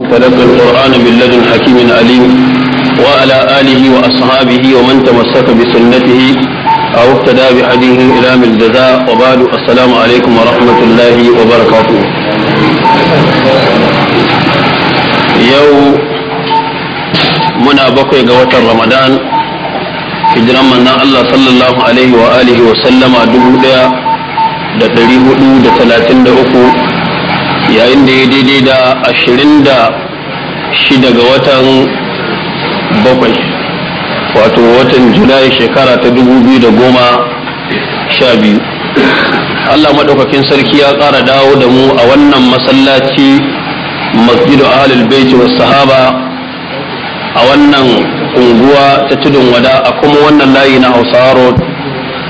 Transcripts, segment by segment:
تلقى القرآن من لدن حكيم عليم وعلى آله وأصحابه ومن تمسك بسنته أو اقتدى بهديه إلى من الجزاء وبعد السلام عليكم ورحمة الله وبركاته يوم منا بقي قوة رمضان hijiran manzon Allah sallallahu alaihi wa alihi wa sallama dubu daya da ɗari hudu da talatin da uku yayin da ya daidai da ashirin da shida ga watan bakwai wato watan julai shekara ta dubu biyu da goma sha biyu allah maɗaukakin sarki ya ƙara dawo da mu a wannan masallaci masjidu ahalul baiti wa sahaba a wannan unguwa ta tudun wada a kuma wannan layi na hausa road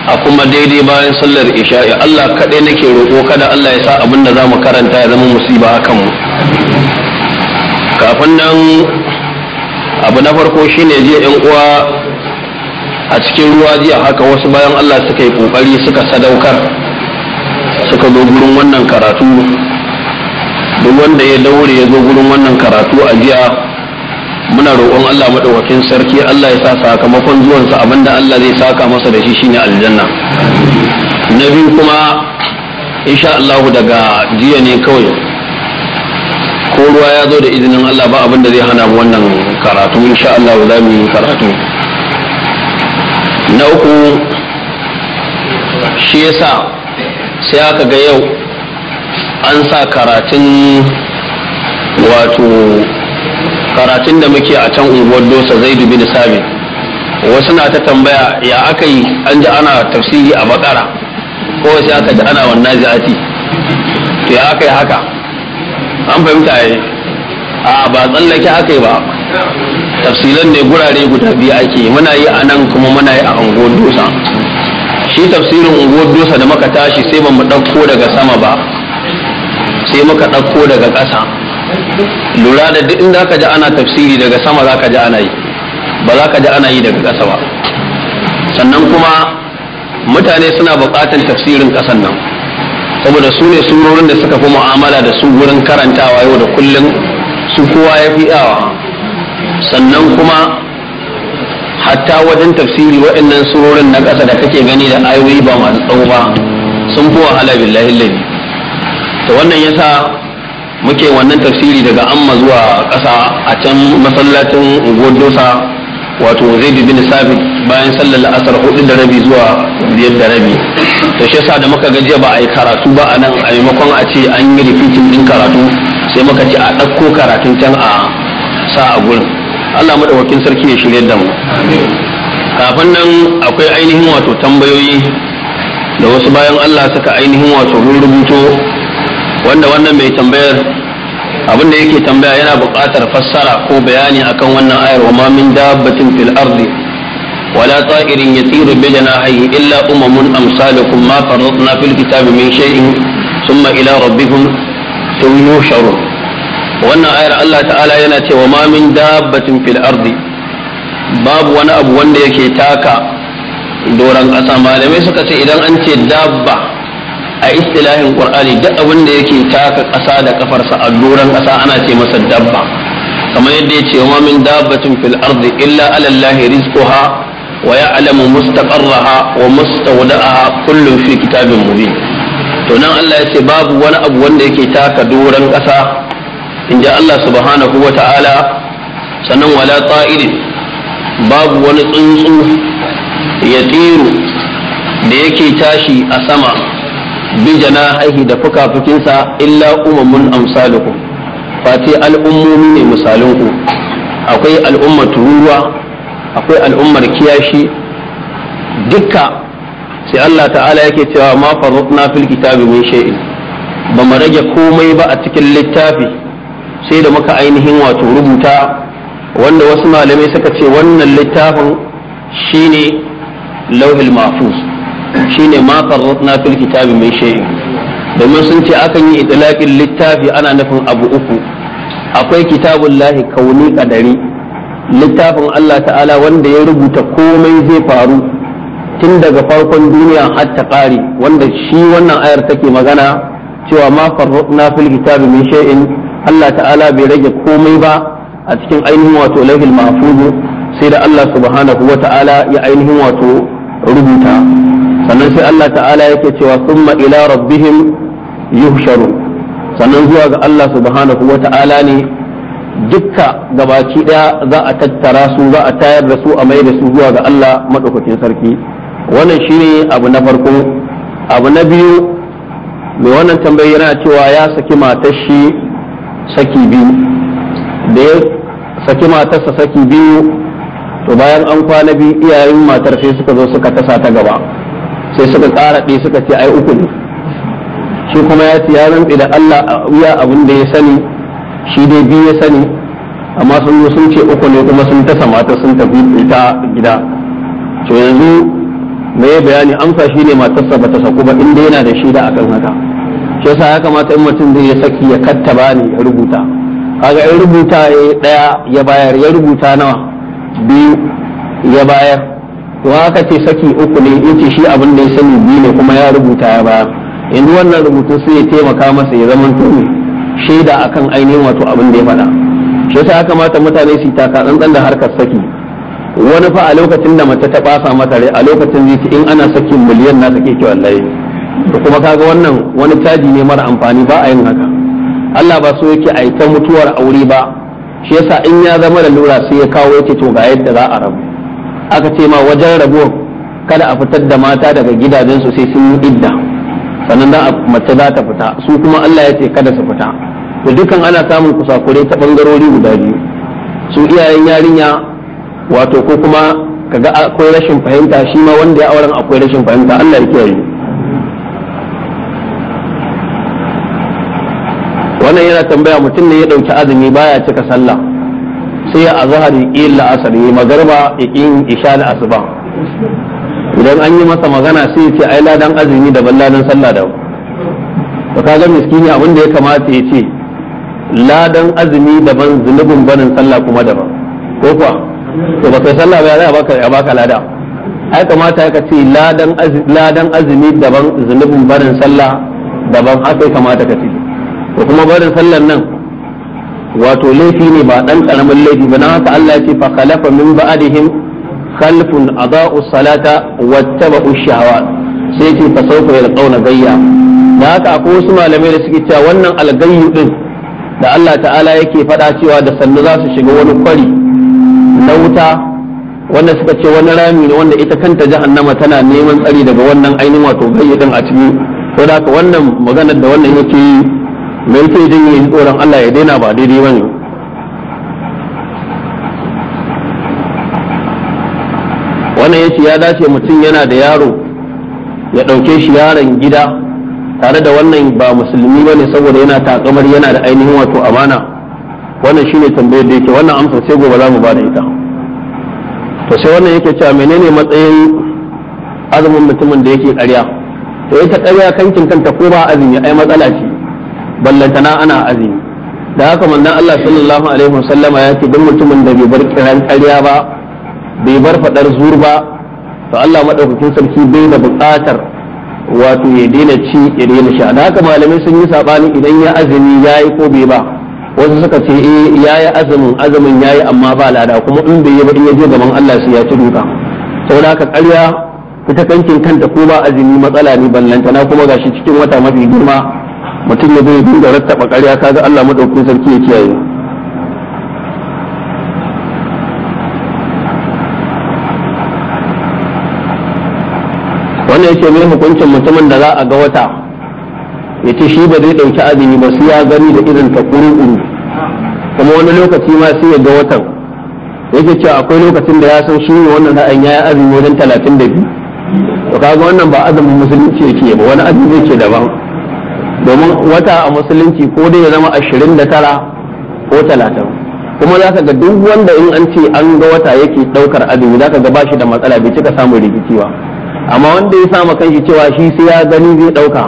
a kuma daidai bayan sallar isha'i Allah kaɗai nake roƙo kada Allah ya sa abin da za mu karanta ya zama musiba a kanmu kafin nan abu na farko shine je yan uwa a cikin ruwa jiya haka wasu bayan Allah suka yi ƙoƙari suka sadaukar suka zo gurin wannan karatu duk wanda ya daure ya zo gurin wannan karatu a jiya muna roƙon Allah madaukakin sarki Allah ya sa sakamakon zuwansa abinda Allah zai saka masa da shi shine aljanna na biyu kuma insha Allah daga jiya ne kawai ko ruwa ya zo da izinin Allah ba da zai hana mu wannan karatu insha Allah za mu yi karatu na uku shi yasa sai aka ga yau an sa karatun wato karatun da muke a can unguwar dosa zai dubi da sami. wasu na ta tambaya ya aka yi an ji ana tafsiri a bakara ko wasu aka ji ana wannan zati to ya aka yi haka an fahimta ya eh. a ba tsallake aka yi ba tafsilan ne gurare guda biyu ake muna yi a nan kuma muna yi a unguwar dosa shi tafsirin unguwar dosa da muka tashi sai ba mu ɗauko daga sama ba sai muka ɗauko daga ƙasa lura da duk inda ka ji ana tafsiri daga sama za ka ji ana yi ba za ka ji ana yi daga ƙasa ba sannan kuma mutane suna buƙatar tafsirin ƙasan nan saboda su ne surorin da suka fi mu'amala da su wurin karantawa yau da kullum su kowa ya fi yawa sannan kuma hatta wajen tafsiri waɗannan surorin na ƙasa da kake gani da ayoyi ba masu tsawo ba sun fi wahala halabin lalle to wannan yasa muke wannan tafsiri daga amma zuwa kasa a can masallacin godosa wato zai bin sabit bayan sallar la'asar hudu da rabi zuwa biyar da rabi to shi yasa da muka gajiya ba a yi karatu ba a nan a maimakon a ce an yi rifitin din karatu sai muka ce a ɗauko karatun can a sa a gurin allah wakilin sarki ya shirya da mu kafin nan akwai ainihin wato tambayoyi da wasu bayan allah suka ainihin wato rubuto wanda wannan mai tambayar abin da yake tambaya yana buƙatar fassara ko bayani akan wannan ayar wa ma min dabbatin fil ardi wala ta'irin yatiru bi janahihi illa umamun amsalukum ma farratna fil kitabi min shay'in thumma ila rabbikum tunyusharun wannan ayar Allah ta'ala yana cewa ma min dabbatin fil ardi babu wani abu wanda yake taka doran ƙasa malamai suka ce idan an ce dabba a istilahin qur'ani duk abin da yake taka ƙasa da kafarsa a duran ƙasa ana ce masa dabba kamar yadda yace wa min dabbatin fil ardi illa ala allahi rizquha wa ya'lamu mustaqarraha wa mustawda'aha kullun fi kitabin mubin to nan Allah ya ce babu wani abu wanda yake taka doron ƙasa inji Allah subhanahu wa ta'ala sannan wala ta'irin babu wani tsuntsu ya tsiro da yake tashi a sama bi haihi da fukafukinsa illa umamun amsalukum fati al'ummomi ne misalinku akwai al'ummar tururuwa akwai al'ummar kiyashi dukka sai Allah ta'ala yake cewa ma farrutna fil kitabi min shay'in ba mu rage komai ba a cikin littafi sai da muka ainihin wato rubuta wanda wasu malamai suka ce wannan littafin shine lauhin mahfuz shine ma farratna fil kitabi mai shay'in domin sun ce akan yi itlaqin littafi ana nufin abu uku akwai lahi kauni kadari littafin Allah ta'ala wanda ya rubuta komai zai faru tun daga farkon duniya har ta wanda shi wannan ayar take magana cewa ma farratna fil kitabi min shay'in Allah ta'ala bai rage komai ba a cikin ainihin wato lahil mahfuz sai da Allah subhanahu wa ta'ala ya ainihin wato rubuta sannan sai Allah ta'ala yake cewa summa ila rabbihim yuhsharu sannan zuwa ga Allah subhanahu wa ta'ala ne dukka gabaki daya za a tattara su za a tayar da su a mai da su zuwa ga Allah madaukakin sarki wannan shine abu na farko abu na biyu mai wannan tambayi yana cewa ya saki matar shi saki biyu da ya saki matarsa saki biyu to bayan an kwana biyu iyayen matar sai suka zo suka tasa ta gaba sai suka ƙara ɗe suka ce ai uku ne shi kuma ya ce ya da Allah a wuya abin da ya sani shi dai bi ya sani amma sun zo sun ce uku ne kuma sun ta samata sun tafi ta gida to yanzu me ya bayani amsa shi ne matarsa ba ta saku ba inda yana da shaida akan haka shi yasa ya kamata in mutum zai ya saki ya kattaba ne ya rubuta kaga ya rubuta ya daya ya bayar ya rubuta nawa biyu ya bayar wa aka ce saki uku ne ce shi abin da ya sani biyu ne kuma ya rubuta ya ba yanzu wannan rubutun sai ya taimaka masa ya zama tuni shaida akan ainihin wato abin da ya faɗa shi yasa ya kamata mutane su taka tsantsan da harkar saki wani fa a lokacin da mace ta ɓasa mata rai a lokacin zai in ana sakin miliyan na sake ki wallahi da kuma kaga wannan wani caji ne mara amfani ba a yin haka Allah ba so yake aita mutuwar aure ba shi yasa in ya zama da lura sai ya kawo yake to ga yadda za a rabu aka ce ma wajen rabu kada a fitar da mata daga gidajensu sai sun yi idda sannan da mace za ta fita su kuma Allah ya ce kada su fita to dukan ana samun kusakure ta bangarori guda biyu su iyayen yarinya wato ko kuma kaga akwai rashin fahimta shi ma wanda ya auren akwai rashin fahimta Allah ya kiyaye wannan yana tambaya mutum ne ya dauki azumi baya cika sallah sai a zahar illa la'asar ya magarba in isha da asuba idan an yi masa magana sai ce ai ladan azumi da ladan sallah da ba ka ga miskini abin da ya kamata ya ce ladan azumi daban zunubin barin sallah kuma daban ko kuwa to ba kai sallah ba ya baka ya baka lada ai kamata ka ce ladan ladan azumi daban zunubin barin sallah daban haka kamata ka ce to kuma barin sallan nan wato laifi ne ba dan karamin laifi ba na haka Allah ya ce fa khalafa min ba'dihim khalfun adaa'u salata wattaba'u ushawa sai ce fa sawfa yalqawna gayya da haka akwai wasu malamai da suke cewa wannan algayyu din da Allah ta'ala yake faɗa cewa da sannu za su shiga wani kwari na wuta wanda suka ce wani rami ne wanda ita kanta jahannama tana neman tsari daga wannan ainihin wato gayyu a ciki saboda haka wannan maganar da wannan yake yi me yake jin tsoron Allah ya daina ba daidai bane wannan yace ya dace mutum yana da yaro ya ɗauke shi yaron gida tare da wannan ba musulmi bane saboda yana takamar yana da ainihin wato amana wannan shine tambayar da yake wannan amsa, sai gobe za mu ba da ita to sai wannan yake cewa menene matsayin azumin mutumin da yake ƙarya to ita ƙarya kankin kanta ko ba azumi ai matsala ce ballantana ana azumi da haka manzon Allah sallallahu alaihi wasallama ya ce duk mutumin da bai bar kiran ƙarya ba bai bar fadar zur ba to Allah madaukakin sarki bai da buƙatar wato ya daina ci ya daina sha da haka malamai sun yi sabani idan ya azumi yayi ko bai ba wasu suka ce eh yayi azumin azumin yayi amma ba lada kuma in bai yi ba in ya je gaban Allah sai ya ci duka saboda haka ƙarya ita kankin kanta ko ba azumi matsala ne ballantana kuma gashi cikin wata mafi girma mutum ya zai dinga rattaba ƙarya kaga Allah madaukakin sarki ya kiyaye wannan yake mai hukuncin mutumin da za a ga wata ya ce shi ba zai ɗauki azumi ba sai ya gani da irin ta kuru kuma wani lokaci ma sai ya ga watan yake cewa akwai lokacin da ya san shi ne wannan ra'ayin ya yi azumi wajen talatin da biyu to kaga wannan ba azumin musulunci yake ba wani azumi yake daban domin wata a musulunci ko dai ya zama ashirin da tara ko talatin kuma za ka ga duk wanda in an ce an ga wata yake ɗaukar azumi za ka ga bashi da matsala bai cika samun rikici amma wanda ya samu kanshi cewa shi sai ya gani zai ɗauka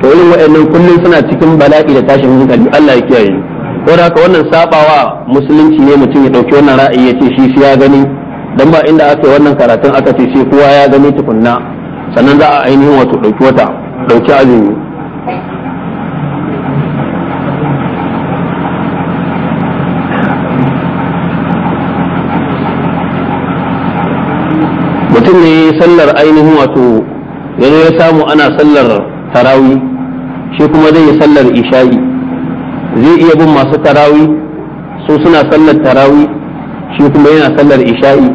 to irin waɗannan kullum suna cikin bala'i da tashin hankali Allah ya kiyaye ko da haka wannan sabawa musulunci ne mutum ya ɗauki wannan ra'ayi ya ce shi sai ya gani dan ba inda aka yi wannan karatun aka ce sai kowa ya gani tukunna sannan za a ainihin wato dauki wata ɗauki azumi mutum ne sallar ainihin wato yanzu ya samu ana sallar tarawi shi kuma zai yi sallar isha'i zai iya bin masu tarawi su suna sallar tarawi shi kuma yana sallar isha'i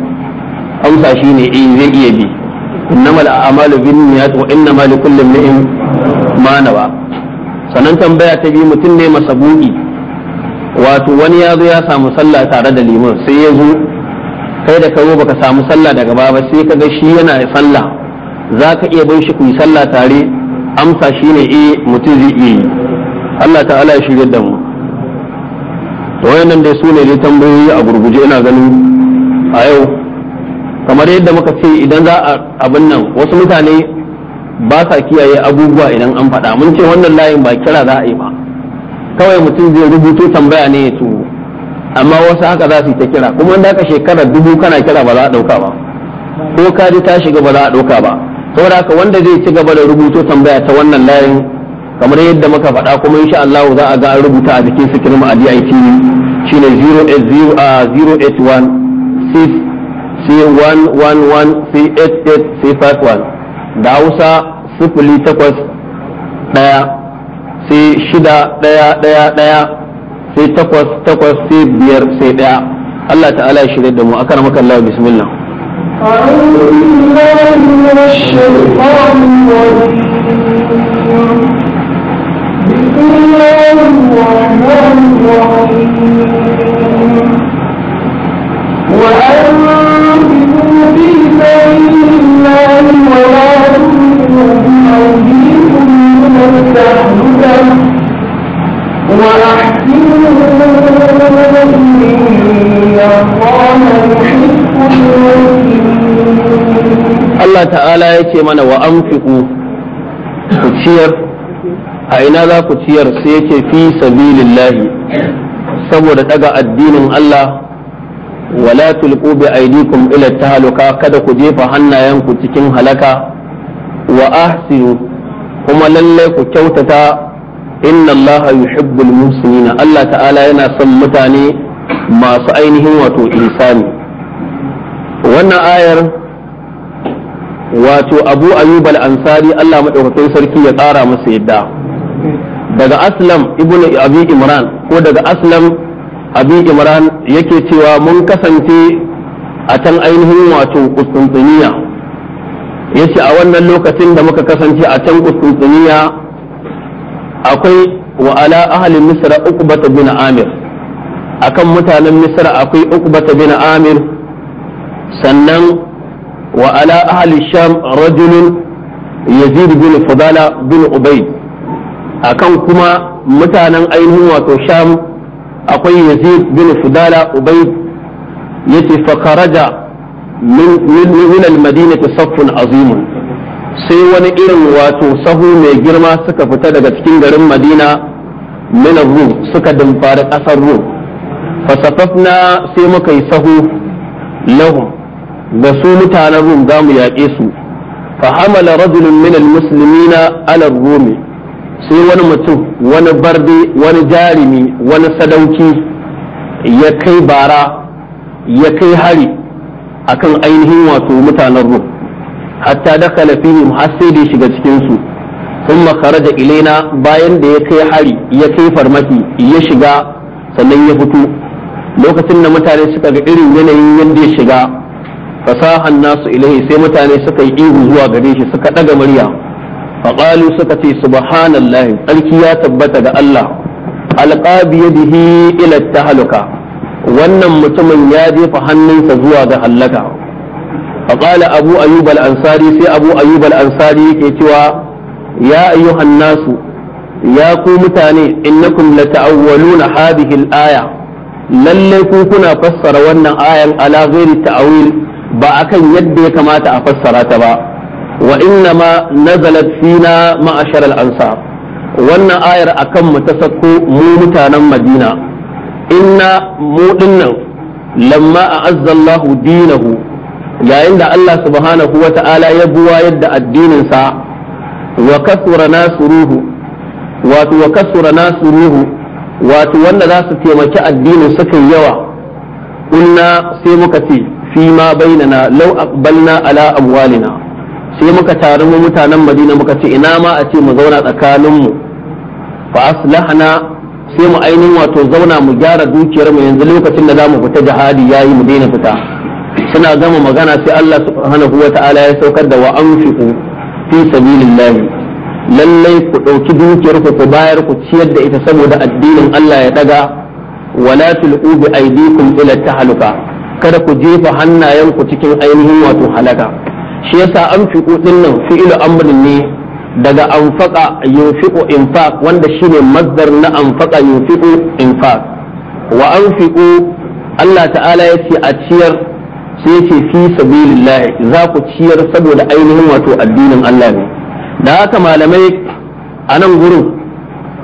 amsa shi ne eh zai iya bi innama al'amalu bin niyyat wa innama li kulli imrin ma nawa sanan tambaya ta bi mutum ne masabuki wato wani ya zo ya samu sallah tare da liman sai ya zo kai da kawo baka samu sallah daga ba sai ka ga shi yana da sallah za ka iya bin shi ku yi sallah tare amsa shi ne eh mutum zai iya yi Allah ta'ala ya shigar da mu to wayannan dai su ne dai tambayoyi a gurguje ina ganin a yau kamar yadda muka ce idan za a abin nan wasu mutane ba sa kiyaye abubuwa idan an faɗa mun ce wannan layin ba kira za a yi ba kawai mutum zai rubuto tambaya ne ya amma wasu haka za su yi ta kira kuma wanda aka shekarar dubu kana kira ba za a ɗauka ba ko ka ta shiga ba za a ɗauka ba saboda haka wanda zai ci gaba da rubuto tambaya ta wannan layin kamar yadda muka faɗa kuma insha Allah za a ga an rubuta a jikin sikirin a DITV shine 0808161118851 da Hausa sifili sai shida ɗaya ɗaya ɗaya sai takwas takwas sai biyar sai daya Allah ta'ala ya shirya da mu akar maka Allah bismillah أعوذ بالله من الشيطان الرجيم بسم الله الرحمن الرحيم وأنفقوا في سبيل الله ولا تلقوا بأيديكم من التهلكة Allah ta'ala ya ce mana wa an ku ciyar a ina za ku ciyar sai yake fi sabilillahi saboda daga addinin Allah wala tulqu bi aydikum ila tahluka kada ku jefa hannayenku cikin halaka wa ahsinu kuma lalle ku kyautata inna allaha yuhibbul musulmina Allah ta'ala yana son mutane masu ainihin wato insani wannan ayar wato abu ayyub al-ansari Allah madaukakin sarki ya tsara masa yadda daga aslam ibn abi imran ko daga aslam abi imran yake cewa mun kasance a can ainihin wato kustuntuniya yace a wannan lokacin da muka kasance a can kustuntuniya akwai wa'ala ahalin misra uku bata bin amir akan mutanen misra akwai bata bin amir sannan wa'ala ahalin sham rajulun yazid bin fudala bin ubayd akan kuma mutanen ainihin wato sham akwai yazid bin fudala ubayd yace fa kharaja min min al-madinati saffun azimun sai wani irin wato sahu mai girma suka fita daga cikin garin madina mina rum suka dumfara ƙasar rum fasafafna sai muka yi sahu lahum da su mutanen rum za mu yaƙe su fahamala rajulun min almuslimina ala rumi sai wani mutum wani barde wani jarumi, wani sadauki ya kai bara ya kai hari akan ainihin wato mutanen rum hatta dakala fihim har sai da ya shiga cikin su makara kharaja ilaina bayan da ya kai hari ya kai farmaki ya shiga sannan ya fito lokacin da mutane suka ga irin yanayin yadda ya shiga fasahan nasu ilahi sai mutane suka yi ihu zuwa gare shi suka daga murya faqalu suka ce subhanallahi tsarki ya tabbata ga Allah alqa bi yadihi ila tahluka wannan mutumin ya jefa hannunsa zuwa ga hallaka فقال أبو أيوب الأنصاري في أبو أيوب الأنصاري كيتوا يا أيها الناس يا قوم تاني إنكم لتأولون هذه الآية lallai ku kuna fassara wannan ayan ala ghairi ta'wil ba akan yadda ya kamata a fassara ta ba wa inna ma nazalat fina ma'ashar al-ansar wannan ayar akan mu ta sako mu mutanen Madina inna mu dinnan lamma a'azza Allah dinahu yayin da Allah subhanahu wa ta'ala ya buwa yadda addininsa wa kasura nasuruhu wato wa kasura nasuruhu wato wanda za su taimaki addinin suka yawa kunna sai muka ce fi ma bainana law aqbalna ala amwalina sai muka taru mu mutanen Madina muka ce ina ma a ce mu zauna tsakaninmu fa aslahna sai mu ainihin wato zauna mu gyara dukiyar mu yanzu lokacin da za mu fita jihadi yayi mu daina fita suna gama magana sai Allah subhanahu wa ta'ala ya saukar da wa anfiqu fi lallai ku ɗauki dukiyar ku ku bayar ku ciyar da ita saboda addinin Allah ya daga wala tulqu bi aydikum ila tahaluka kada ku jefa hannayen ku cikin ainihin wato halaka shi yasa anfiqu din nan fi'lu amrin ne daga anfaqa yunfiqu infaq wanda shine masdar na anfaqa yunfiqu infaq wa anfiqu Allah ta'ala ya a ciyar sai ce fi sabilillah za ku ciyar saboda ainihin wato addinin Allah ne da haka malamai a nan gurin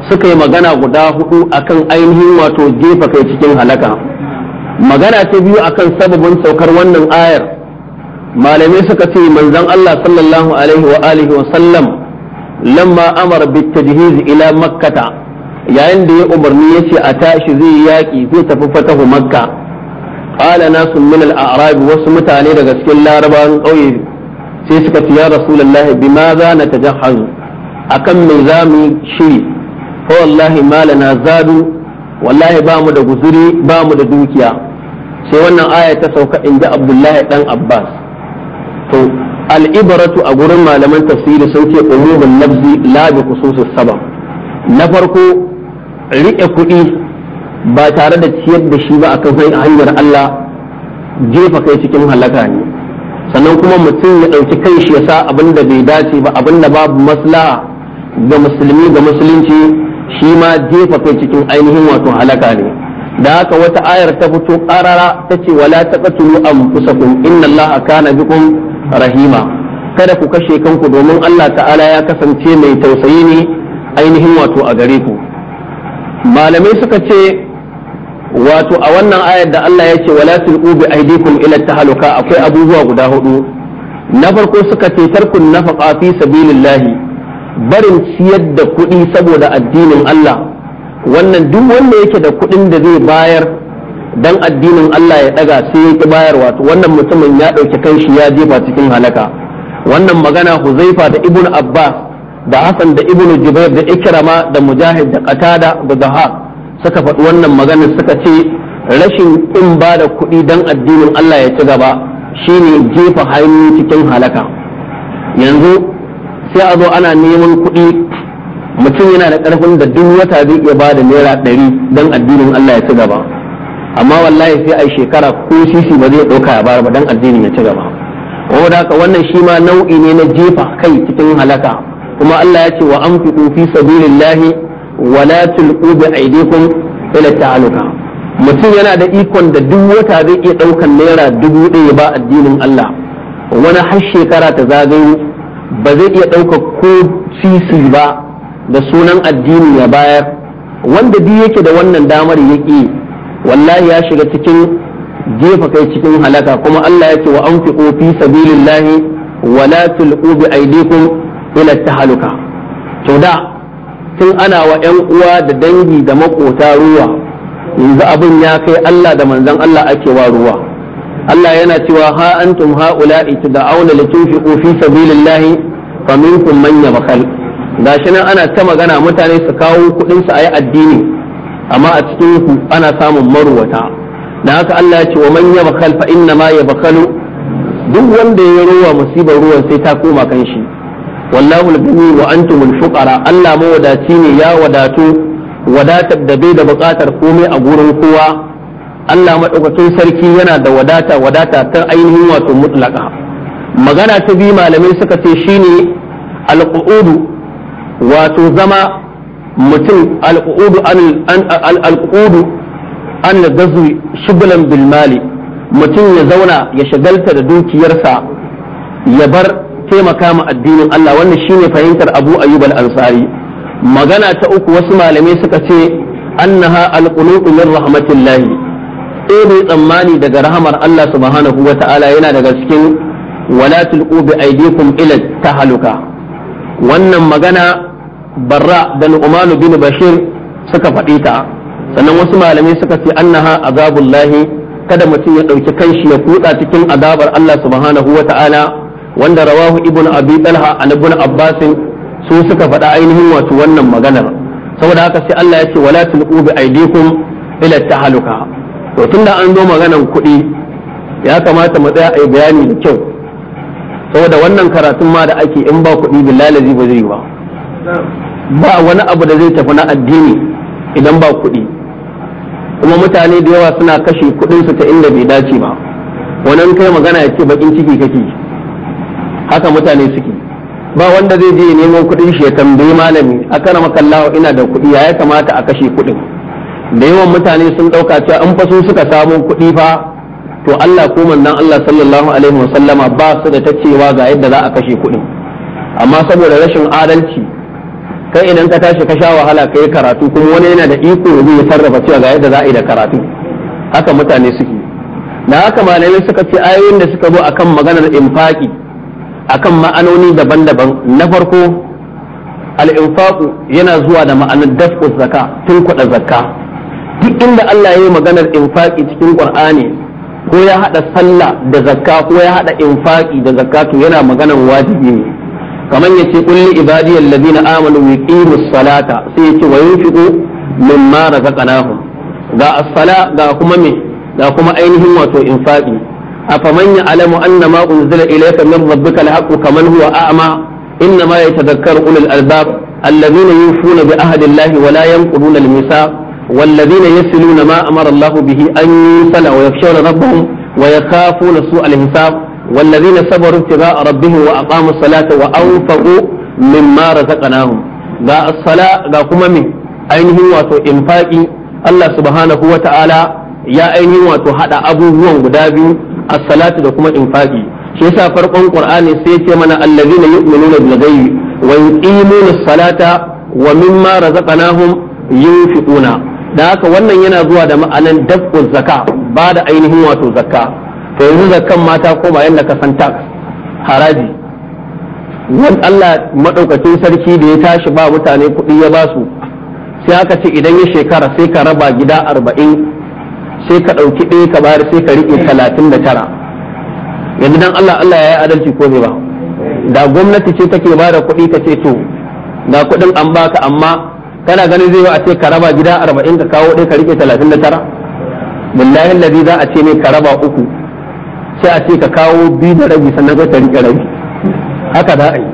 suka yi magana guda hudu akan ainihin wato jefa kai cikin halaka magana ta biyu akan sababin saukar wannan ayar malamai suka ce manzon Allah sallallahu alaihi wa alihi wa sallam lamma amara tajhiz ila makkata yayin da ya umarni yace a tashi zai yaki zai tafi fatahu makka qala nasun min al-a'rab wasu mutane daga cikin larabawan ƙauye sai suka ce ya rasulullah bima za na tajahhazu akan mai za mu shiri fa wallahi malana zadu wallahi ba mu da guzuri ba mu da dukiya sai wannan aya ta sauka inda abdullahi dan abbas to al'ibaratu a gurin malaman tafsiri sun ce umumin nafsi la bi khususus sabab na farko riƙe kuɗi ba tare da ciyar da shi ba a kan hanyar Allah jefa kai cikin halaka ne sannan kuma mutum ya ɗauki kai shi ya sa abin da bai dace ba abin da babu maslaha ga musulmi ga musulunci shi ma jefa kai cikin ainihin wato halaka ne da haka wata ayar ta fito ƙarara ta ce wala taqtulu anfusakum inna allaha kana bikum rahima kada ku kashe kanku domin Allah ta'ala ya kasance mai tausayi ne ainihin wato a gare ku malamai suka ce wato a wannan ayar da Allah ya ce wala tulqu bi aydikum ila tahaluka akwai abubuwa guda hudu na farko suka ce tarkun nafaqa fi sabilillahi barin ciyar da kuɗi saboda addinin Allah wannan duk wanda yake da kuɗin da zai bayar dan addinin Allah ya daga sai yake bayar wato wannan mutumin ya ɗauki kanshi ya jefa cikin halaka wannan magana Huzaifa da Ibn Abbas da Hassan da Ibn Jubair da Ikrama da Mujahid da Qatada da Zahab suka faɗi wannan magana suka ce rashin in ba da kuɗi don addinin Allah ya ci gaba shi ne jefa hanyoyi cikin halaka yanzu sai a zo ana neman kuɗi mutum yana da ƙarfin da duk wata zai iya ba da naira ɗari don addinin Allah ya ci gaba amma wallahi sai a shekara ko sisi ba zai ɗauka ya bara ba don addinin ya ci gaba wanda haka wannan shi ma nau'i ne na jefa kai cikin halaka kuma Allah ya ce wa anfiqu fi sabilillahi wala tulqu bi aydikum ila ta'aluka mutum yana da ikon da duk wata zai iya daukan naira dubu ɗaya ba addinin Allah wani har shekara ta zagayo ba zai iya ɗauka ko sisi ba da sunan addini ya bayar wanda duk yake da wannan damar yake wallahi ya shiga cikin jefa kai cikin halaka kuma Allah ya ce wa anfiqu fi sabilillahi wala tulqu bi aydikum ila tahaluka to da tun ana wa 'yan uwa da dangi da makota ruwa yanzu abin ya kai Allah da manzon Allah ake wa ruwa Allah yana cewa ha antum haula'i tad'auna litunfiqu fi sabilillahi faminkum man yabkhal gashi nan ana ta magana mutane su kawo kudin su ayi addini amma a cikin ku ana samun marwata da haka Allah ya ce wa man yabkhal fa inna ma yabkhalu duk wanda ya ruwa musibar ruwan sai ta koma kan shi wallahu al-ghani wa antum Allah mawadaci ne ya wadatu wadatar da bai da buƙatar komai a gurin kowa Allah madaukakin sarki yana da wadata wadata ta ainihin wato mutlaka magana ta biyu malamai suka ce shine al-qu'udu wato zama mutum al-qu'udu gazwi shuglan bil mutum ya zauna ya shagalta da dukiyarsa ya bar taimaka ma addinin Allah wannan shine fahimtar Abu Ayyub al-Ansari magana ta uku wasu malamai suka ce annaha al qulubu min rahmatillahi ne eh, tsammani daga rahmar Allah subhanahu wa ta'ala yana daga cikin wala tulqu bi aydikum ila tahaluka wannan magana barra da Nu'man bin Bashir suka faɗi ta sannan wasu malamai suka ce annaha azabullahi kada mutum ya ɗauki kanshi ya kutsa cikin azabar Allah subhanahu wa ta'ala wanda rawahu ibn abi talha an ibn abbas su suka faɗa ainihin wato wannan maganar saboda haka sai Allah ya ce wala tulqu bi aydikum ila tahaluka to tunda an zo maganar kuɗi ya kamata mu tsaya ayi bayani da kyau saboda wannan karatun ma da ake in ba kuɗi billahi ba zai ba ba wani abu da zai tafi na addini idan ba kuɗi kuma mutane da yawa suna kashe kuɗinsu ta inda bai dace ba wannan kai magana ya ce bakin ciki kake haka mutane suke ba wanda zai je neman kuɗin shi ya tambayi malami a kana makallawa ina da kuɗi ya ya kamata a kashe kuɗin da yawan mutane sun ɗauka cewa in faso suka samu kuɗi fa to Allah ko manzon Allah sallallahu alaihi wa sallama ba su da ta cewa ga yadda za a kashe kuɗin amma saboda rashin adalci kai idan ka tashi ka sha wahala kai karatu kuma wani yana da iko zai sarrafa cewa ga yadda za a yi da karatu haka mutane suke da haka malamai suka ce ayoyin da suka zo akan maganar infaki akan ma'anoni daban-daban na farko al al'infaku yana zuwa da ma'anar daf'u zaka tun kuɗa zakka duk inda Allah ya yi maganar infaki cikin Qur'ani ko ya haɗa sallah da zakka ko ya haɗa infaki da zakka to yana maganar wajibi ne kamar ya ce li ibadiyal ladina amanu yuqimu salata sai yace wa yunfiqu mimma razaqnahum ga as-sala ga kuma me ga kuma ainihin wato infaki afaman ya'lamu anna ma unzila ilayka min rabbika al-haqqu kaman huwa a'ma inna ma yatadhakkaru ulul albab alladhina yufuna bi ahdi allahi wa la yanquduna al-misaq والذين يصلون ما أمر الله به أن يصل ويخشون ربهم ويخافون سوء الحساب والذين صبروا ابتغاء ربهم وأقاموا الصلاة وأنفقوا مما رزقناهم غا الصلاة غا كما من ainihin wato infaki Allah subhanahu wa ta'ala ya ainihin wato haɗa abubuwan guda biyu as-salatu da kuma infaqi shi yasa farkon qur'ani sai ce mana allazina yu'minuna bil ghaibi wa yuqimuna as-salata wa mimma razaqnahum yunfiquna da haka wannan yana zuwa da ma'anan dabqu zakka ba da ainihin wato zakka to yanzu zakkan mata ko ba yanda ka san tax haraji wani Allah madaukakin sarki da ya tashi ba mutane kuɗi ya ba su. sai aka ce idan ya shekara sai ka raba gida arba'in sai ka ɗauki ɗaya ka bayar sai ka riƙe talatin da tara yanzu dan Allah Allah ya yi adalci ko bai ba da gwamnati ce take ba da kuɗi ka ce to ga kuɗin an baka amma kana ganin zai a ce ka raba gida arba'in ka kawo ɗaya ka riƙe talatin da tara billahi ladi za a ce ne ka raba uku sai a ce ka kawo biyu da rabi sannan ka riƙe rabi haka za a yi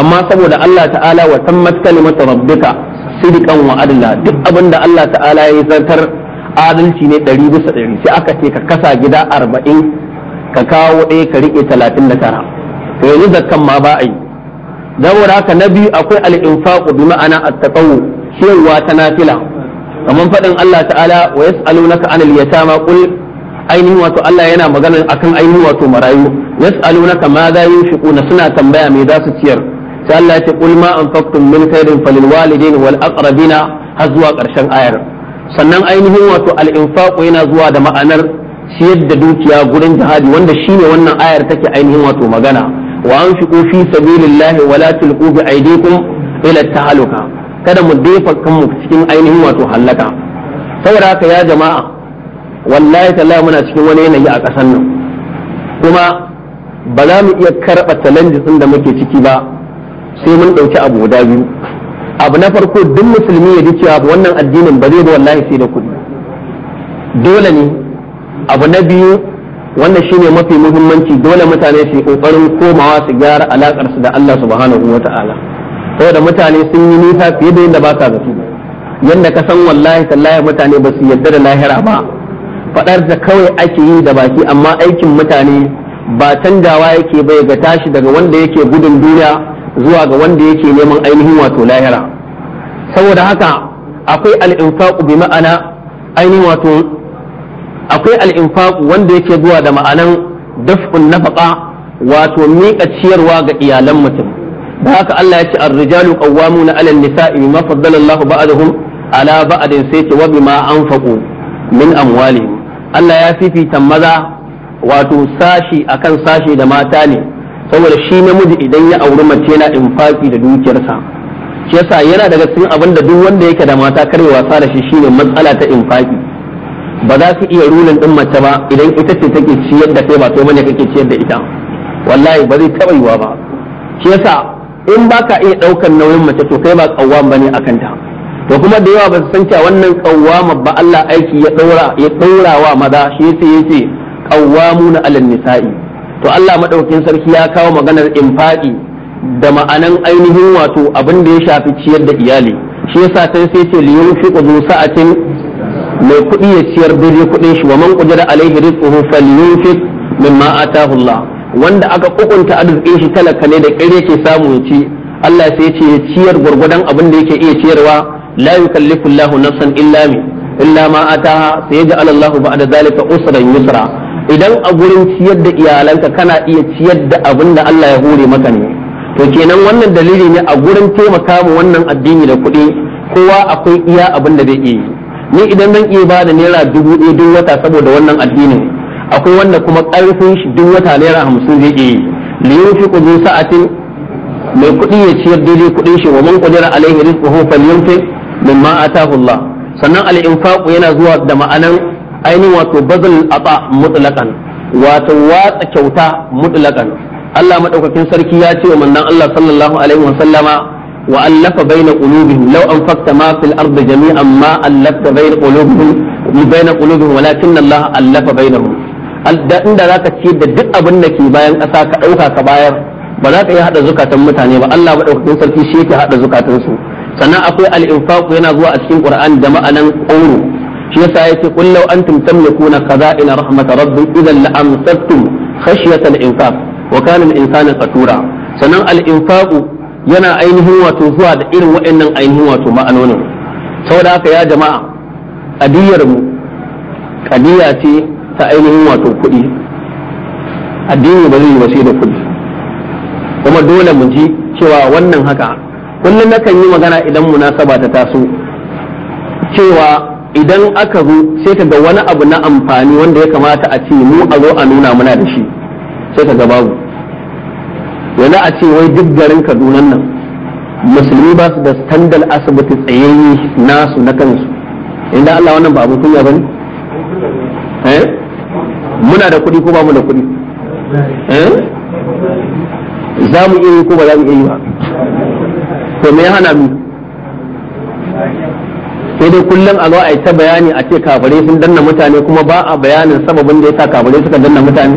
amma saboda Allah ta'ala wa tammat kalimatu rabbika sidqan wa adla duk abin da Allah ta'ala ya zartar adalci ne ɗari bisa ɗari sai aka ce ka kasa gida arba'in ka kawo ɗaya ka riƙe talatin da tara to yanzu zakkan ma ba a yi saboda haka na biyu akwai al-infaqu bi ma'ana at-taqawwu cewa ta nafila kamar faɗin Allah ta'ala wa yas'alunaka anil yatama qul ainihin wato Allah yana magana akan ainihin wato marayu yas'alunaka ma za yunfiquna suna tambaya me za su ciyar sai Allah ya ce qul ma anfaqtum min khairin falil walidayni wal aqrabina har zuwa ƙarshen ayar sannan ainihin wato al yana zuwa da ma'anar siyar da dukiya gurin jihadi wanda shine wannan ayar take ainihin wato magana wa anfiqu fi sabilillahi wa la tulqu bi aydikum ila tahaluka kada mu defa kanmu cikin ainihin wato hallaka saboda haka ya jama'a wallahi tallahi muna cikin wani yanayi a ƙasar nan kuma ba za mu iya karɓa talenji sun da muke ciki ba sai mun ɗauki abu guda biyu abu na farko duk musulmi ya ji cewa wannan addinin ba zai ba wallahi sai da kuɗi dole ne abu na biyu wannan shine mafi muhimmanci dole mutane su kokarin komawa su gyara alakar su da Allah subhanahu wata'ala saboda mutane sun yi nisa fiye da yadda ba sa zato yadda ka san wallahi tallahi mutane ba su yarda da lahira ba faɗar da kawai ake yi da baki amma aikin mutane ba canjawa yake bai ga tashi daga wanda yake gudun duniya zuwa ga wanda yake neman ainihin wato lahira saboda haka akwai al'imfaƙu bi ma'ana ainihin wato akwai al wanda yake zuwa da ma'anan daf'un nafaƙa wato miƙa ciyarwa ga iyalan mutum da haka Allah ya ce ar-rijalu qawwamuna 'ala an-nisa'i bima faddala Allah ba'dahum ala ba'din sai ce wa bima anfaqu min amwalihim Allah ya fifita maza wato sashi akan sashi da mata ne saboda shi namiji idan ya auri mace yana infaki da dukiyarsa shi yasa yana daga cikin abin da duk wanda yake da mata kare wasa da shi shine matsala ta infaki ba za su iya rulin din mace ba idan ita ce take ciyar da kai ba to manya kake ciyar da ita wallahi ba zai taba yiwa ba shi yasa in baka iya ɗaukar nauyin mace to kai ba kawwam bane akan ta to kuma da yawa ba su san cewa wannan kawwama ba Allah aiki ya daura ya daurawa maza shi yace yace na 'alan nisa'i to Allah madaukin sarki ya kawo maganar infadi da ma'anan ainihin wato abin da ya shafi ciyar da iyali shi yasa sai sai ce liyun fi qudu sa'atin mai kuɗi ya ciyar dole kuɗin shi wa man qudira alaihi rizquhu falyunfiq mimma atahu Allah wanda aka kukunta arzikin shi talaka ne da kare ke samu ya ci Allah sai ce ya ciyar gwargwadon abin da yake iya ciyarwa la yukallifu Allahu nafsan illa ma illa ma ataha Allahu ba'da zalika usran yusra idan a gurin ciyar da iyalanka kana iya ciyar da abin da Allah ya hore maka ne to kenan wannan dalili ne a gurin taimaka mu wannan addini da kuɗi kowa akwai iya abin da zai iya yi ni idan zan iya ba da naira dubu ɗaya duk wata saboda wannan addinin akwai wanda kuma ƙarfin shi duk wata naira hamsin zai iya yi liyu fi kudu sa'atin mai kuɗi ya ciyar daidai kuɗin shi wa man qadara alaihi rizquhu falyunfiq mimma atahu Allah sannan al-infaqu yana zuwa da ma'anan ainihin wato bazal aba mutlaqan wato watsa kyauta mutlaqan Allah madaukakin sarki ya ce wa manzon Allah sallallahu alaihi wa sallama wa allafa baina qulubihim law anfaqta ma fil ardi jami'an ma allafta baina qulubihim baina qulubihim walakinna Allah allafa bainahum da inda zaka ce da duk abin da ke bayan ƙasa ka ɗauka ka bayar ba za ka yi haɗa zukatan mutane ba Allah maɗaukakin sarki shi yake haɗa zukatansu su sannan akwai al-infaq yana zuwa a cikin Qur'an da ma'anan ƙoro shi yasa yace qul law antum tamlikuna ina rahmat rabbi idan la amsaktum khashyata al-infaq wa kana al-insanu qatura sanan al-infaq yana ainihin wato zuwa da irin waɗannan ainihin wato ma'anonin saboda haka ya jama'a adiyar mu kadiya ce ta ainihin wato kuɗi addini ba zai yi ba da kuɗi kuma dole mu ji cewa wannan haka kullum nakan yi magana idan munasaba ta taso cewa idan aka zo sai ka ga wani abu na amfani wanda ya kamata a ce mu a zo a nuna muna da shi sai ka ga babu yanzu a ce wai duk garin kadunan nan musulmi ba su da standal asibiti tsayayye nasu na kansu inda Allah wannan ba abu kunya ba eh muna da kuɗi ko ba mu da kuɗi eh za mu iya yi ko ba za mu iya yi ba to me hana mu sai dai kullum a zo a yi ta bayani a ce kafare sun danna mutane kuma ba a bayanin sababin da ya sa kafare suka danna mutane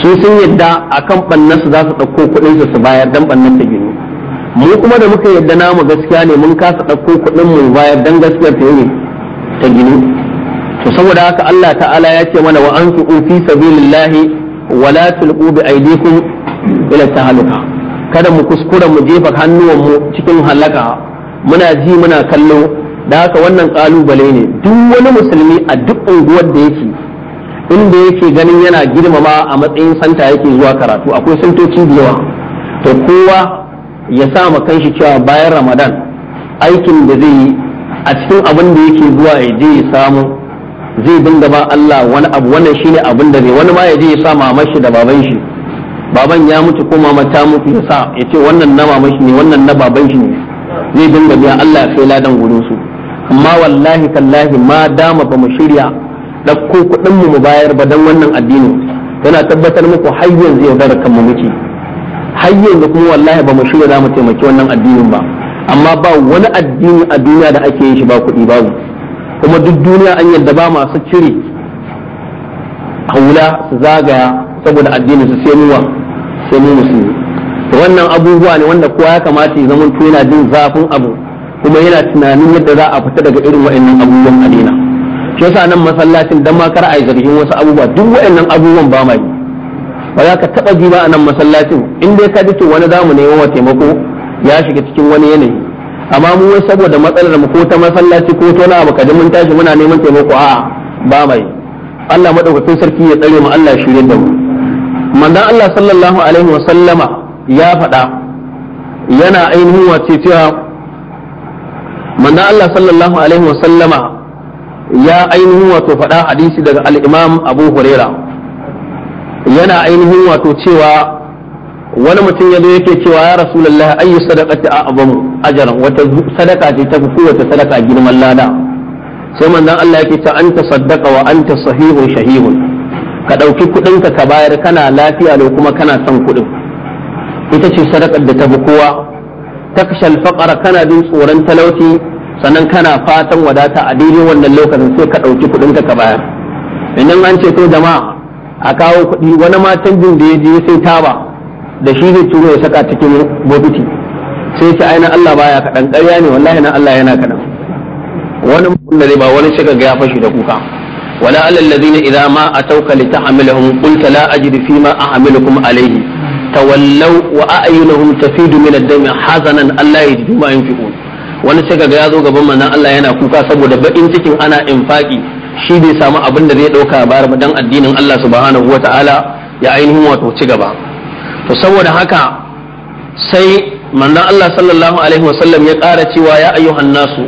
su sun yadda a kan bannan su za su ɗauko kuɗin su su bayar dan bannan ta gini mu kuma da muka yadda namu gaskiya ne mun kasa ɗauko kuɗin mu bayar dan gaskiyar ta yi ta gini to saboda haka Allah ta'ala ya ce mana wa anfu fi sabilillahi wala tulqu bi aydikum ila tahaluka kada mu kuskura mu jefa hannuwan mu cikin halaka muna ji muna kallo da haka wannan kalubale ne duk wani musulmi a duk unguwar da yake inda yake ganin yana girmama a matsayin santa yake zuwa karatu akwai santoci da yawa to kowa ya sa ma kanshi cewa bayan ramadan aikin da zai yi a cikin abin da yake zuwa ya je ya samu zai dinga ba Allah wani abu wannan shine abin da zai wani ma ya je ya sa mamashi da baban shi baban ya mutu ko mama ta mutu ya sa ya ce wannan na mamashi ne wannan na baban shi ne zai dinga biya Allah ya kai ladan gudu amma wallahi tallahi ma dama ba mu shirya da ko kuɗin mu bayar ba dan wannan addini yana tabbatar muku har yanzu ya kan kanmu muke har yanzu kuma wallahi ba mu shirya za mu taimaki wannan addinin ba amma ba wani addini a duniya da ake yin shi ba kuɗi babu kuma duk duniya an yadda ba masu cire haula su zagaya saboda addinin su sai muwa sai mu musulmi wannan abubuwa ne wanda kowa ya kamata ya zama yana jin zafin abu kuma yana tunanin yadda za a fita daga irin wa'annan abubuwan a daina shi yasa nan masallacin dan ma kar a yi zargin wasu abubuwa duk wa'annan abubuwan ba ma yi ba za ka taba ji ba a nan masallacin in dai ka ji to wani zamu ne wa taimako ya shiga cikin wani yanayi amma mu wai saboda matsalar mu ko ta masallaci ko to na abu ji mun tashi muna neman taimako a ba mai Allah madaukakin sarki ya tsare mu Allah shirye da mu manzon Allah sallallahu alaihi wa sallama ya faɗa yana ainihin wace cewa manzon Allah sallallahu alaihi wa sallama ya ainihin wato faɗa hadisi daga al-Imam Abu Huraira yana ainihin wato cewa wani mutum ya zo yake cewa ya rasulullah ayyu sadaqati a'zamu ajran wata sadaka ce ta wata sadaka girman lada sai manzon Allah yake ta anta saddaqa wa anta sahihun shahihun ka dauki kudin ka bayar kana lafiya da kuma kana son kudin ita ce sadakar da ta fi kowa takshal faqara kana jin tsoron talauci sannan kana fatan wadata a daidai wannan lokacin sai ka ɗauki kuɗin ka ka bayar idan an ce to jama'a a kawo kuɗi wani matan canjin da ya je sai taba da shi zai turo ya saka cikin bobiti sai ta aina Allah baya kaɗan ƙarya ne wallahi na Allah yana kaɗan wani mutum da ba wani shiga ga ya fashi da kuka wala alal ladina idza ma atauka litahmilahum qulta la ajidu fima ahmilukum alayhi tawallau wa a'yunuhum tafidu min ad-dami hazanan Allah ya ma yunfiqun wani sai kaga ya zo gaban manzon Allah yana kuka saboda bakin cikin ana infaki shi bai samu abin da zai dauka bayar ba dan addinin Allah subhanahu wataala ya ainihin wato ci gaba to saboda haka sai manzon Allah sallallahu alaihi wasallam ya kara cewa ya ayyuhan nasu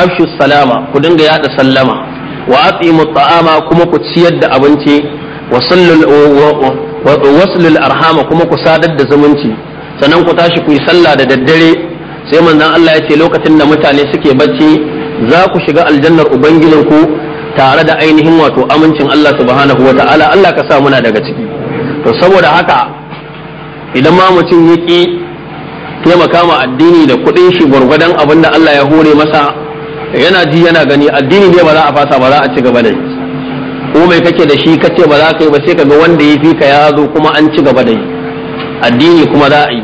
afshu salama ku dinga yada sallama wa atimu ta'ama kuma ku ciyar da abinci waslul arhama kuma ku sadar da zumunci sannan ku tashi ku yi sallah da daddare sai manzon Allah ya ce lokacin da mutane suke bacci za ku shiga aljannar ubangijinku tare da ainihin wato amincin Allah subhanahu ta'ala. Allah ka sa muna daga ciki to saboda haka idan ma mutum ya ki taimaka addini da kuɗin shi gwargwadon abin da Allah ya hore masa yana ji yana gani addini ne ba za a fasa ba za a ci gaba da ko mai kake da shi kace ba za ka yi ba sai kaga wanda ya fi ka ya zo kuma an ci gaba da yi addini kuma za a yi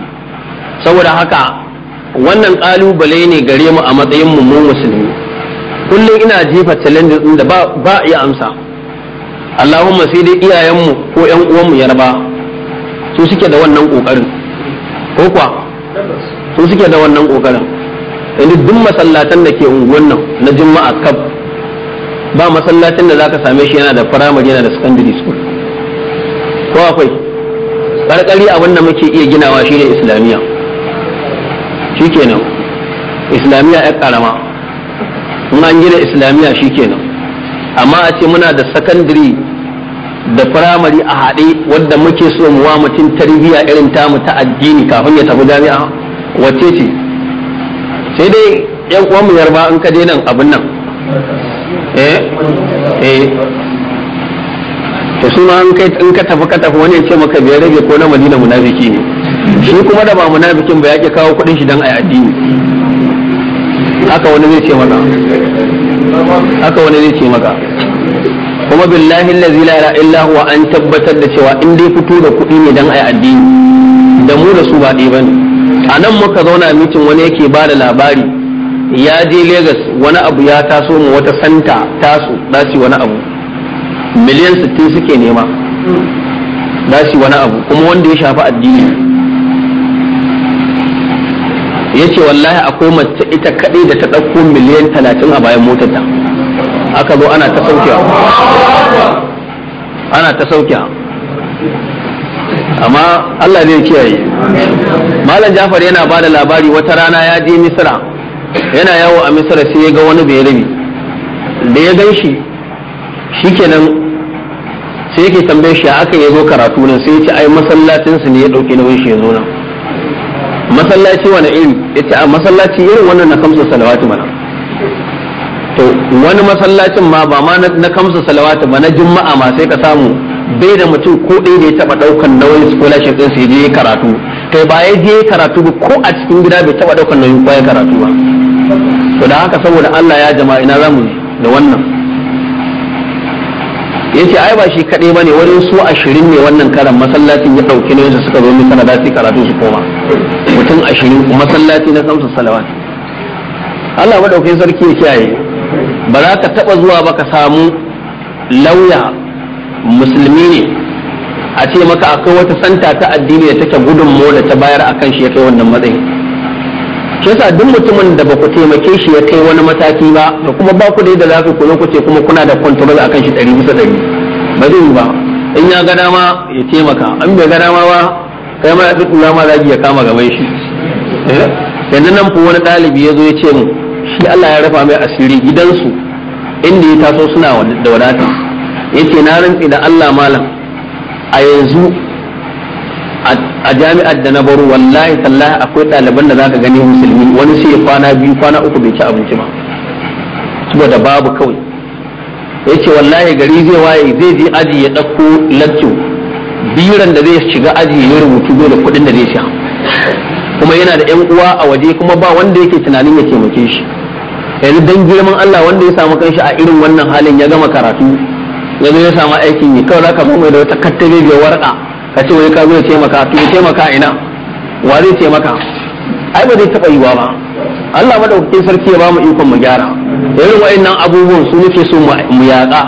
saboda haka wannan kalubale ne gare mu a matsayin mu musulmi kullum ina jefa challenge din da ba iya amsa Allahumma sai dai iyayenmu ko ƴan uwanmu yarba su suke da wannan kokarin ko kuwa su suke da wannan kokarin yanzu duk masallatan da ke unguwan nan na juma'a kaf ba masallacin da zaka same shi yana da firamare yana da secondary school ko akwai karkari abin da muke iya ginawa shine islamiyya shikenan islamiyya ya karama in an gina islamiyya shikenan amma a ce muna da secondary da firamare a haɗe wadda muke so mu wa mutum tarbiyya irin ta mu ta addini kafin ya tafi jami'a wacce ce sai dai yan uwan mu yarba in ka je nan abin nan eh eh to su ma in ka tafi ka tafi wani ce maka biyar rage ko na madina munafiki ne shi kuma da ba munafikin ba ya ke kawo kuɗin shi dan a addini haka wani zai ce maka haka wani zai ce maka kuma billahi allazi la ilaha illa huwa an tabbatar da cewa in dai fito da kuɗi ne dan yi addini da mu da su ba ba bane a nan muka zauna mitin wani yake ba da labari ya je Legas wani abu ya taso mu wata santa taso dashi wani abu miliyan 60 suke nema dashi wani abu kuma wanda ya shafi addini ya ce wallahi akwai mace ita kaɗai da ta ɗauko miliyan 30 a bayan motar ta aka zo ana ta saukiya. ana ta saukiya. amma Allah ne kiyaye Malam Jafar yana ba da labari wata rana ya je Misra yana yawo a misira sai ya ga wani bai rabi da ya gan shi shikenan sai yake tambaye shi aka ya zo karatu nan sai ya ce ai masallacin su ne ya dauki nauyin shi ya zo nan masallaci wani iri ya ce a masallaci irin wannan na kamsa salawatu mana to wani masallacin ma ba ma na kamsa salawatu ba na juma'a ma sai ka samu bai da mutum ko ɗaya da ya taɓa ɗaukan nauyin scholarship ɗin sai je karatu kai ba ya je karatu ko a cikin gida bai taɓa ɗaukan nauyin ko karatu ba to da haka saboda Allah ya jama'a ina zamu da wannan yace ai ba shi kadai bane wani su ashirin ne wannan karan masallacin ya dauke ne suka zo mu kana dasi karatu su koma mutum ashirin masallaci na samsu salawat Allah madaukakin sarki ya kiyaye ba za ka taba zuwa ba ka samu lauya musulmi ne a ce maka akwai wata santa ta addini da take gudunmu da ta bayar akan shi ya kai wannan matsayin yasa duk mutumin da ba ku taimake shi ya kai wani mataki ba da kuma ba ku da yadda za ku kula ku ce kuma kuna da control akan shi ɗari bisa ɗari ba zai yi ba in ya ga dama ya taimaka an bai ga dama ba kai ma duk ma zagi ya kama gaban shi eh? yanzu nan fa wani ɗalibi ya zo ya ce mu shi Allah ya rafa mai asiri gidansu inda ya taso suna da wadata ya na rantsi da Allah malam a yanzu a jami'ar da na baro wallahi tallahi akwai ɗaliban da zaka gani musulmi wani sai kwana biyu kwana uku bai ci abinci ba saboda babu kawai yace wallahi gari zai waye zai je aji ya ɗauko lacco biran da zai shiga aji ya rubutu dole kuɗin da zai sha kuma yana da yan uwa a waje kuma ba wanda yake tunanin ya taimake shi yanzu dan girman Allah wanda ya samu kanshi a irin wannan halin ya gama karatu yanzu ya samu aikin yi kawai zaka zo mai da wata kattabe warka ka ce wai ka zo ya taimaka to ya taimaka ina wa zai taimaka ai ba zai taba yi ba Allah madaukakin sarki ya ba mu ikon mu gyara irin wayannan abubuwan su muke so mu yaƙa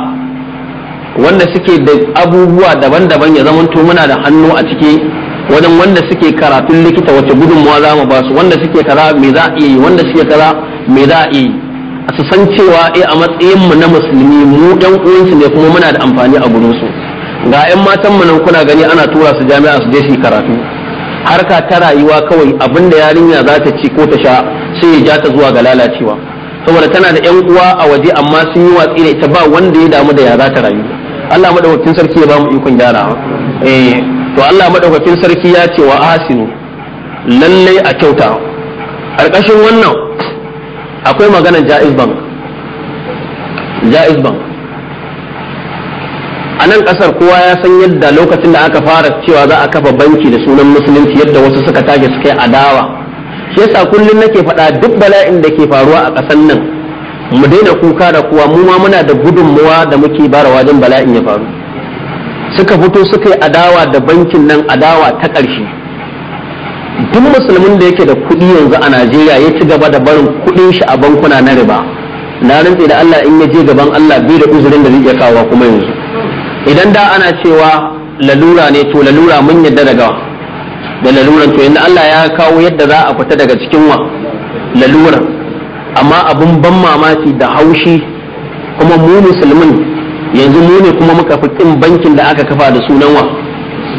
wanda suke da abubuwa daban-daban ya to muna da hannu a ciki wajen wanda suke karatun likita wace gudunmuwa za mu ba su wanda suke kaza me za a yi wanda suke kaza me za a yi a su san cewa eh a matsayin mu na musulmi mu ɗan uwansu ne kuma muna da amfani a gurin su ga 'yan matan mu nan kuna gani ana tura su jami'a su je shi karatu harka ta rayuwa kawai abin da yarinya za ta ci ko ta sha sai ya ja ta zuwa ga lalacewa saboda tana da 'yan uwa a waje amma sun yi watsi da ita ba wanda ya damu da ya za ta rayu Allah madaukakin sarki ya ba mu ikon gyarawa eh to Allah madaukakin sarki ya ce wa ahsinu lallai a kyauta ƙarƙashin wannan akwai maganar jaiz bank jaiz bank a nan kasar kowa ya san yadda lokacin da aka fara cewa za a kafa banki da sunan musulunci yadda wasu suka tage suka yi adawa shi yasa kullum nake faɗa duk bala'in da ke faruwa a ƙasar nan mu daina kuka da kuwa mu ma muna da gudunmuwa da muke bara wajen bala'in ya faru suka fito suka yi adawa da bankin nan adawa ta ƙarshe duk musulmin da yake da kuɗi yanzu a najeriya ya ci gaba da barin kuɗin shi a bankuna na riba na rantse da allah in ya je gaban allah biyu da uzurin da zai iya kawo kuma yanzu idan da ana cewa lalura ne to lalura mun yadda daga da laluran to yadda Allah ya kawo yadda za a fita daga cikin wa lalura amma abin ban mamaki da haushi kuma mu musulmin yanzu mu ne kuma muka fi kin bankin da aka kafa da sunan wa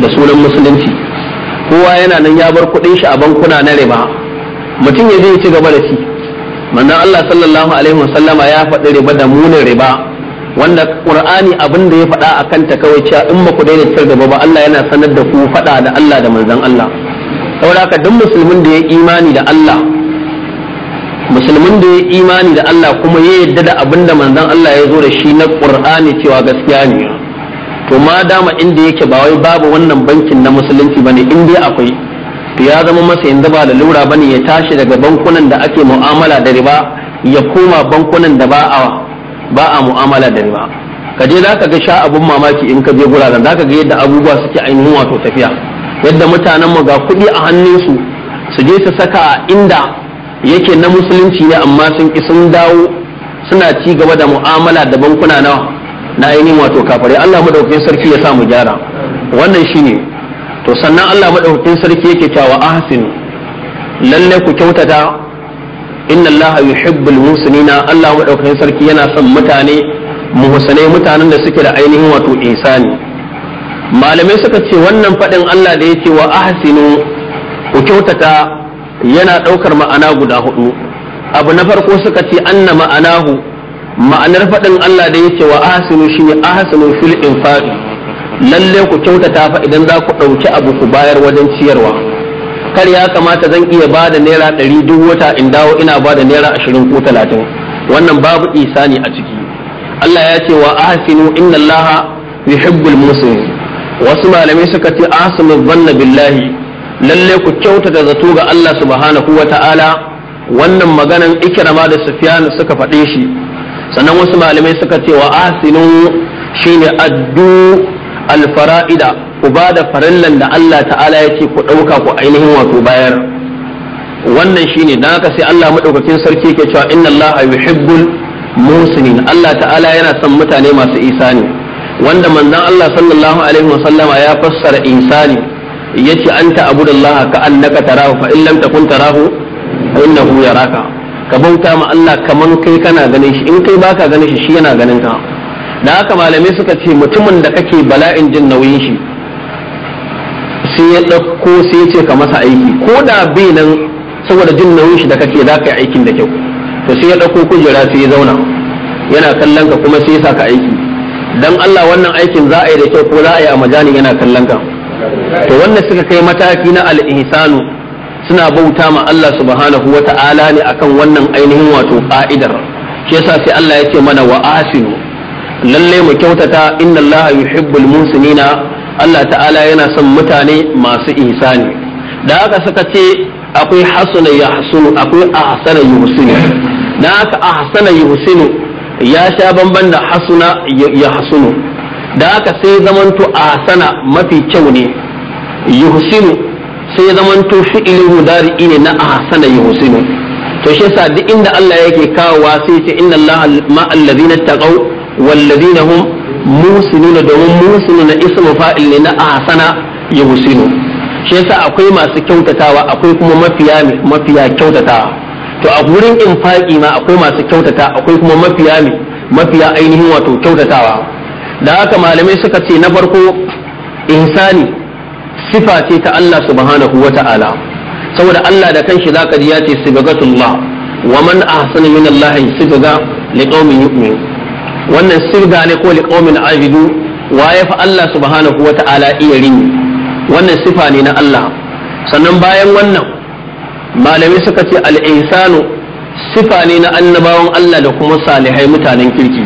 da sunan musulunci kowa yana nan ya bar kuɗin shi a bankuna na riba mutum ya je ya ci gaba da shi manzon Allah sallallahu alaihi wasallama ya faɗi riba da munin riba wanda qur'ani abin da ya faɗa a kanta kawai cewa in ba ku daina cikar gaba ba Allah yana sanar da ku faɗa da Allah da manzon Allah saboda haka duk musulmin da ya imani da Allah musulmin da ya imani da Allah kuma ya yadda da abin da manzon Allah ya zo da shi na qur'ani cewa gaskiya ne to ma dama inda yake ba wai babu wannan bankin na musulunci bane in dai akwai to ya zama masa yanzu ba da lura bane ya tashi daga bankunan da ake mu'amala da riba ya koma bankunan da ba a ba a mu'amala da riba ka je zaka ga sha abun mamaki in ka je guraren zaka ga yadda abubuwa suke ainihin wato tafiya yadda mutanen mu ga kuɗi a hannun su je su saka inda yake na musulunci ne amma sun ki sun dawo suna ci gaba da mu'amala da bankuna na na ainihin wato kafare Allah madaukakin sarki ya sa mu gyara wannan shine to sannan Allah madaukakin sarki yake cewa ahsinu lalle ku kyautata inna allaha yuhibbul na allah madaukakin sarki yana son mutane muhsanai mutanen da suke da ainihin wato insani malamai suka ce wannan fadin allah da yake wa ahsinu ku kyautata yana ɗaukar ma'ana guda hudu abu na farko suka ce anna ma'anahu ma'anar fadin allah da yake wa ahsinu shine ahsinu fil infaqi lalle ku kyautata fa idan za ku ɗauki abu ku bayar wajen ciyarwa kar ya kamata zan iya ba da naira ɗari duk wata in dawo ina ba da naira ashirin ko talatin wannan babu Isa ne a ciki Allah ya ce wa ahsinu inna Allah yuhibbul muslimin wasu malamai suka ce ahsinu dhanna billahi lalle ku kyautata zato ga Allah subhanahu wa ta'ala wannan maganan ikirama da sufyan suka faɗe shi sannan wasu malamai suka ce wa ahsinu shine addu alfara'ida ku ba da farallan da Allah ta'ala ya ce ku ɗauka ku ainihin wato bayar wannan shine dan haka sai Allah madaukakin sarki ke cewa inna Allah yuhibbul musinin Allah ta'ala yana son mutane masu isani wanda manzon Allah sallallahu alaihi wasallama ya fassara insani yace anta abudallaha ka annaka tarahu fa in takun tarahu innahu yaraka ka bauta ma Allah kaman kai kana ganin shi in kai baka ganin shi shi yana ganin ka da haka malamai suka ce mutumin da kake bala'in jin nauyin shi sai ya ɗauko sai ya ce ka masa aiki ko da bai nan saboda jin nauyin shi da kake za ka yi aikin da kyau to sai ya ɗauko kujera sai ya zauna yana kallon ka kuma sai ya sa ka aiki dan Allah wannan aikin za a yi da kyau ko za a yi a majani yana kallon ka to wannan suka kai mataki na al-ihsanu suna bauta ma Allah subhanahu wa ta'ala ne akan wannan ainihin wato ka'idar shi yasa sai Allah ya ce mana wa asinu lalle mu kyautata inna Allah yuhibbul musinina Allah ta'ala yana son mutane masu ihsani da haka suka ce akwai hasuna ya hasunu akwai ahsana ya husinu da haka ahsana ya husinu ya sha bamban da hasuna ya hasunu da aka sai zamanto ahsana mafi kyau ne ya husinu sai zamanto fi'ilin mudari ne na ahsana ya husinu to shi yasa duk inda Allah yake kawo sai ce inna Allah ma'al na taqaw wal ladina hum musinuna domin musinuna ismu fa'il ne na ahsana ya shi yasa akwai masu kyautatawa akwai kuma mafiya mafiya kyautatawa to a gurin infaki ma akwai masu kyautata akwai kuma mafiya mafiya ainihin wato kyautatawa da haka malamai suka ce na farko insani sifa ce ta Allah subhanahu wa ta'ala saboda Allah da kanshi zaka ji ya ce sibagatullah wa man ahsana min Allah sibaga liqaumin yu'minun wannan sirga ne ko liqaumin abidu ya fa Allah subhanahu Ta'ala iya rini wannan sifa ne na Allah sannan bayan wannan malamai suka ce al-ihsanu sifa ne na annabawan Allah da kuma salihai mutanen kirki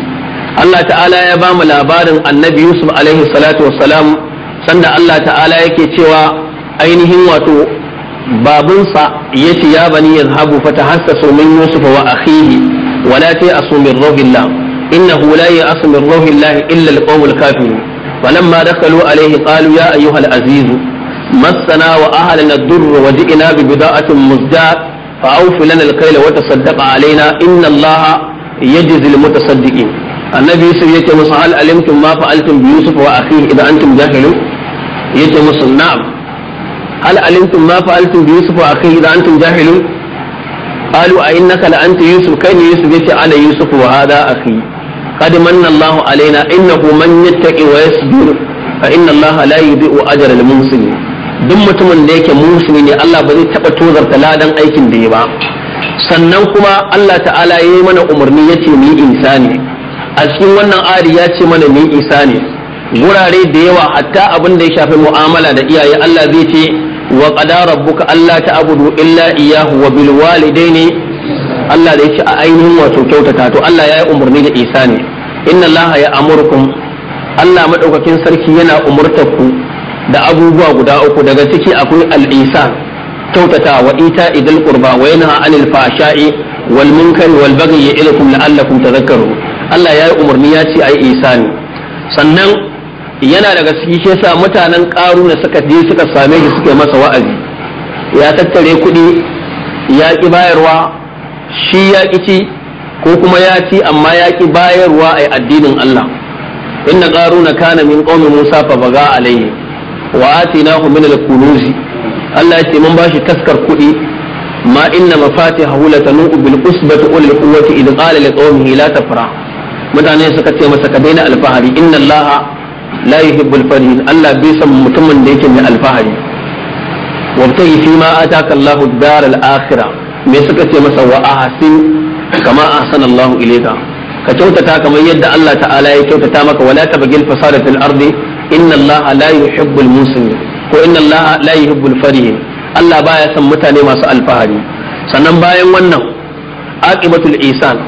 Allah ta'ala ya ba mu labarin annabi Yusuf alaihi salatu wassalam sanda Allah ta'ala yake cewa ainihin wato babansa ya ce ya bani ta fatahassasu min Yusuf wa akhihi wala ta'asu min rawbillah إنه لا يأس من روح الله إلا القوم الكافرون فلما دخلوا عليه قالوا يا أيها العزيز مسنا وأهلنا الضر وجئنا ببضاعة مزجاة فأوف لنا الكيل وتصدق علينا إن الله يجزي المتصدقين النبي يوسف يتي مس هل علمتم ما فعلتم بيوسف وأخيه إذا أنتم جاهلون يتي مس نعم هل علمتم ما فعلتم بيوسف وأخيه إذا أنتم جاهلون قالوا أئنك لأنت يوسف كان يوسف يتي على يوسف وهذا أخي قد من الله علينا إنه من يتقي ويصبر فإن الله لا يضيء أجر المحسنين duk mutumin da yake musulmi ne Allah ba zai taɓa tozarta ladan aikin da ya ba sannan kuma Allah ta'ala ya yi mana umarni ya ce mu isa insani a cikin wannan ari ya ce mana ni isa insani gurare da yawa hatta abin da ya shafi mu'amala da iyaye Allah zai ce wa qada rabbuka alla ta'budu illa iyyahu wa bil walidaini Allah da yake a ainihin wato kyautata to Allah ya yi umarni da Isa ne inna Allah ya amurkum Allah madaukakin sarki yana umurtar ku da abubuwa guda uku daga ciki akwai al isa kyautata wa ita idil qurba wa yanha anil fashai wal munkari wal baghi ya'idukum la'allakum tadhakkaru Allah ya yi umarni ya ce Isa ne. sannan yana daga ciki shi yasa mutanen karuna suka je suka same shi suke masa wa'azi ya tattare kuɗi ya ki bayarwa shi ya ci ko kuma ya ci amma ya ki bayarwa a addinin Allah inna qaruna kana min qaumi Musa fa baga alayhi wa atinahu min al-kunuz Allah ce mun bashi kaskar kuɗi ma inna mafatihahu latanu bil usbati ulil quwwati idh qala liqaumihi la tafrah mutane suka ce masa ka daina alfahari inna Allah la yuhibbul farihin Allah bai san mutumin da yake mai alfahari wabtahi fi ma ataka Allahu ad-dar al-akhirah me suka ce masa wa ahsin kama ahsana Allahu ilayka ka kyautata kamar yadda Allah ta'ala ya kyautata maka wala tabghil fasada fil ardi inna Allah la yuhibbul muslimin ko inna Allah la yuhibbul farihin Allah baya son mutane masu alfahari sannan bayan wannan aqibatul isan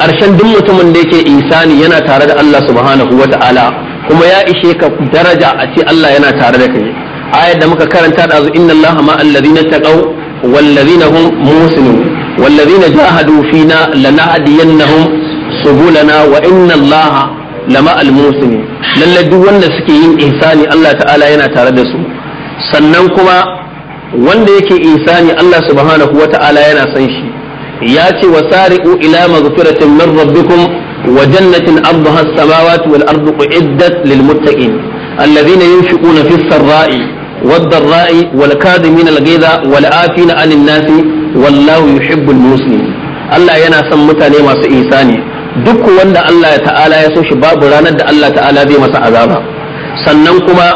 karshen duk mutumin da yake isani yana tare da Allah subhanahu wata'ala kuma ya ishe ka daraja a ce Allah yana tare da kai ayar da muka karanta da inna Allah ma alladhina taqaw والذين هم موسنون والذين جاهدوا فينا لنهدينهم سبلنا وإن الله لما الموسنين lallai duk wanda suke yin ihsani Allah ta'ala yana tare da su sannan kuma wanda yake ihsani Allah subhanahu wa ta'ala yana san shi ya ce wa sari'u ila maghfiratin min rabbikum wa jannatin arduha samawati wal ardu uiddat lil muttaqin alladhina yunfiquna fis sarra'i والضراء والكاظمين الغيظ والعافين عن الناس والله يحب المسلمين Allah yana son mutane masu isani duk wanda Allah ta'ala ya so shi babu ranar da Allah ta'ala zai masa azaba sannan kuma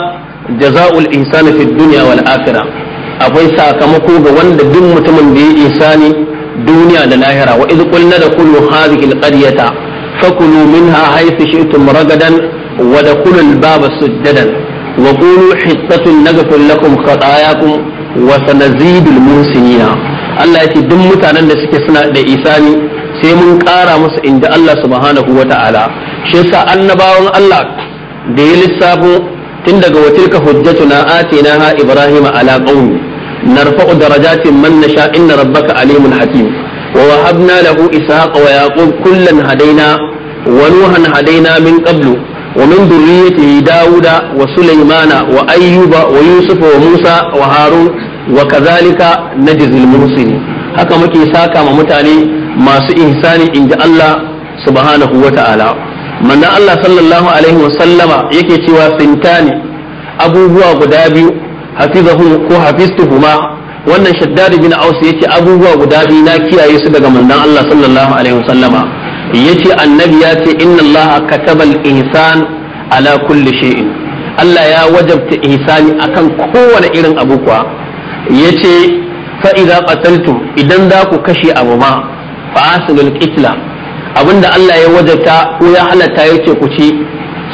jaza'ul insani fid dunya wal akhirah akwai sakamako ga wanda duk mutumin da ya ihsani duniya da lahira wa idh qulna dakulu hadhihi al qaryata fakulu minha haythu shi'tum ragadan wa dakulu al baba sujadan wa qulu hittatun naghfir lakum khatayakum wa sanazidul muhsinina Allah ya ce duk mutanen da suke suna da isani sai mun ƙara musu inda Allah subhanahu wa ta'ala shi yasa annabawan Allah da ya lissafo tun daga watilka hujjatuna atinaha ibrahima ala qaumi narfa'u darajatin man nasha inna rabbaka alimun hakim wa wahabna lahu ishaqa wa yaqub kullan hadaina wa nuhan hadaina min qablu ومن ذريته داود وسليمان وأيوب ويوسف وموسى وهارون وكذلك نجزي المحسنين haka muke saka ma mutane masu ihsani inda Allah subhanahu wa ta'ala manna Allah sallallahu alaihi wa sallama yake cewa sintani abubuwa guda biyu hafizahu ko hafistuhuma wannan shaddad bin aus yace abubuwa guda biyu na kiyaye su daga manzon Allah sallallahu alaihi wa sallama yace annabi ya ce inna Allah kataba al-ihsan ala kulli shay'in Allah ya wajabta ihsani akan kowane irin abu kuwa yace fa idza qataltum idan za ku kashe abu ma fa asilul qitla abinda Allah ya wajabta ko ya halatta yace ku ci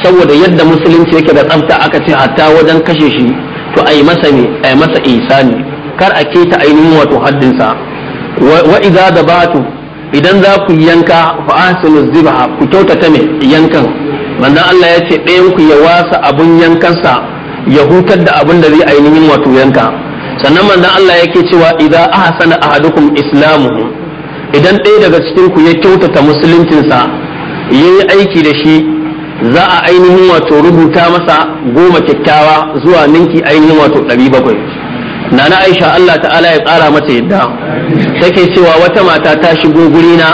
saboda yadda musulunci yake da tsafta aka ce hatta wajen kashe shi to ai masa ne ai masa ihsani kar a keta ainihin wato haddinsa wa idza dabatu idan za ku yanka fa'asinu ahsinu ku kyautata mai yankan manzon Allah ya ce ɗayan ku ya wasa abun yankansa ya hutar da abun da zai ainihin wato yanka sannan manzon Allah yake cewa idza ahsana ahadukum islamuhu idan ɗaya daga cikin ku ya kyautata musuluncinsa ya yi aiki da shi za a ainihin wato rubuta masa goma kyakkyawa zuwa ninki ainihin wato ɗari bakwai nana aisha Allah ta'ala ya tsara mata yadda take cewa wata mata ta shigo gurina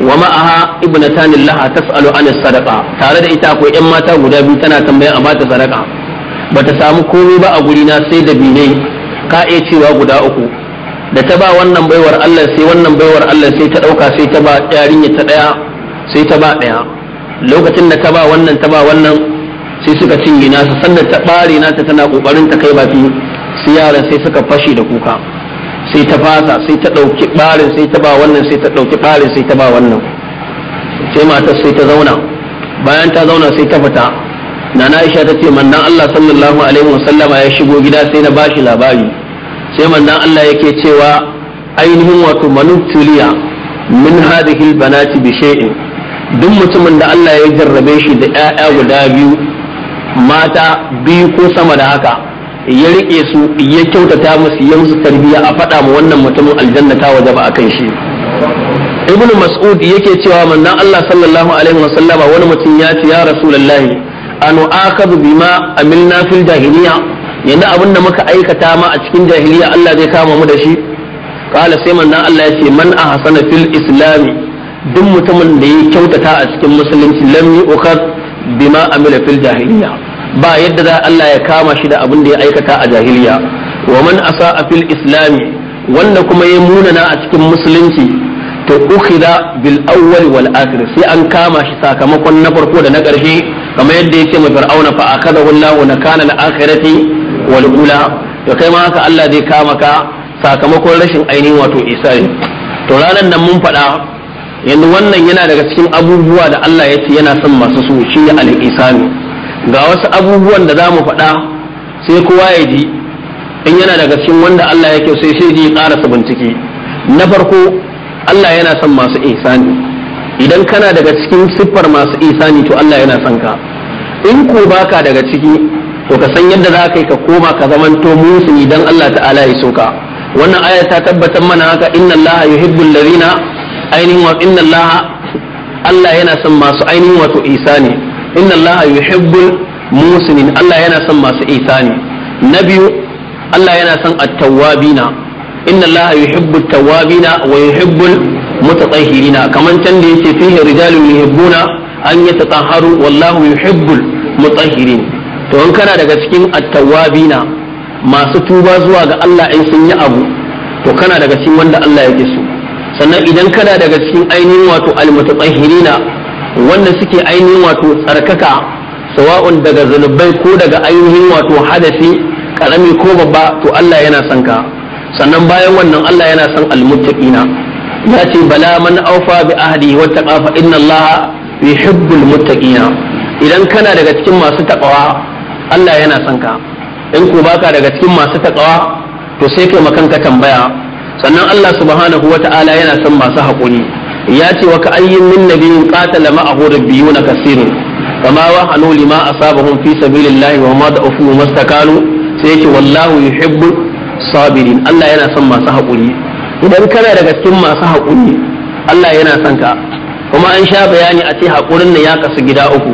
wa ma'aha ibnatan a tas'alu an sadaqa tare da ita akwai yan mata guda biyu tana tambayan a bata sadaka bata samu komai ba a gurina sai da bine ka iya cewa guda uku da ta ba wannan baiwar Allah sai wannan baiwar Allah sai ta dauka sai ta ba yarinya ta daya sai ta ba daya lokacin da ta ba wannan ta ba wannan sai suka cinye nasu sannan ta bare nata tana kokarin ta kai baki sai yaran sai suka fashi da kuka sai ta fasa sai ta ɗauki ɓarin sai ta ba wannan sai ta ɗauki ɓarin sai ta ba wannan sai matar sai ta zauna bayan ta zauna sai ta fita nana aisha ta ce mandan allah sallallahu alaihi wasallama ya shigo gida sai na bashi labari sai mandan allah yake cewa ainihin wato manutuliya min hadhihi albanati bi shay'in duk mutumin da allah ya jarrabe shi da 'ya'ya guda biyu mata biyu ko sama da haka ya rike su ya kyautata musu ya musu tarbiyya a faɗa mu wannan mutumin aljanna ta wajaba akan shi ibnu mas'ud yake cewa manzon Allah sallallahu alaihi wasallama wani mutum ya ce ya rasulullahi an akabu bima amilna fil jahiliya yanzu abin da muka aikata ma a cikin jahiliya Allah zai kama mu da shi kala sai manzon Allah ya ce man ahsana fil islami duk mutumin da ya kyautata a cikin musulunci lam yu'khad bima amila fil jahiliya ba yadda za Allah ya kama shi da abin da ya aikata a jahiliya wa man a fil islami wanda kuma ya munana a cikin musulunci to ukhida bil awwal wal akhir sai an kama shi sakamakon na farko da na karshe kamar yadda yake mai fir'auna fa akadahu Allah na kana al akhirati wal ula to kai ma haka Allah zai kama ka sakamakon rashin ainihin wato isari to ranan nan mun faɗa yanzu wannan yana daga cikin abubuwa da Allah ya ce yana son masu su shi al-isani ga wasu abubuwan da za mu faɗa sai kowa ya ji in yana daga cikin wanda Allah yake sai sai ji ƙara su bincike na farko Allah yana son masu ihsani idan kana daga cikin siffar masu ihsani to Allah yana son ka in ko baka daga ciki to ka san yadda za ka yi ka koma ka zamanto musuni dan Allah ta'ala ya ka, wannan aya ta tabbatar mana haka inna Allah yuhibbul ladina ainihin wa inna Allah Allah yana son masu ainihin wato ihsani inna allaha yuhibbul musinin Allah yana son masu isani na biyu Allah yana son at-tawwabina inna allaha yuhibbut tawwabina wa yuhibbul mutatahhirina kaman can da yake fihi rijalun yuhibbuna an yatatahharu wallahu yuhibbul mutahhirin to in kana daga cikin at-tawwabina masu tuba zuwa ga Allah in sun yi abu to kana daga cikin wanda Allah yake so sannan idan kana daga cikin ainihin wato al-mutatahhirina wanda suke ainihin wato tsarkaka sawa'un daga zunubai ko daga ainihin wato hadasi karami ko babba to Allah yana son ka sannan bayan wannan Allah yana son almuttaqina ya ce bala man aufa bi ahdi wa taqafa inna Allah yuhibbul muttaqina idan kana daga cikin masu takawa Allah yana son ka in ko baka daga cikin masu takawa to sai kai makanka tambaya sannan Allah subhanahu wata'ala yana son masu haƙuri ya ce wa ka ayyin min nabiyyin qatala ma'ahu na kaseerun kama wa hanu lima asabahum fi sabilillahi wa ma da da'ufu mastakalu sai yake wallahu yuhibbu sabirin Allah yana son masu haƙuri idan kana daga cikin masu haƙuri Allah yana son ka kuma an sha bayani a ce haƙurin nan ya kasu gida uku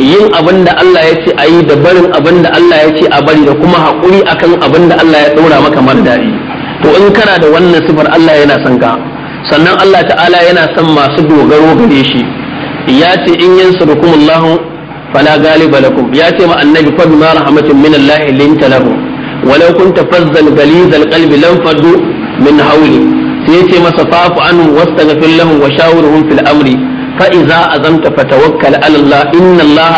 yin abin da Allah ya ce a yi da barin abin da Allah ya ce a bari da kuma haƙuri akan abin da Allah ya ɗora maka mardari daɗi to in kana da wannan sifar Allah yana son ka sannan Allah ta'ala yana son masu dogaro gare shi ya ce in yansurukumullahu fala ghaliba lakum ya ce ma annabi fa bima rahmatin min Allah linta lahum walau kunta fazzan ghalizal qalbi lam fadu min hawli sai ce masa fa'fu anhum wastaghfir lahum wa shawirhum fil amri fa idza azamta fatawakkal ala Allah inna Allah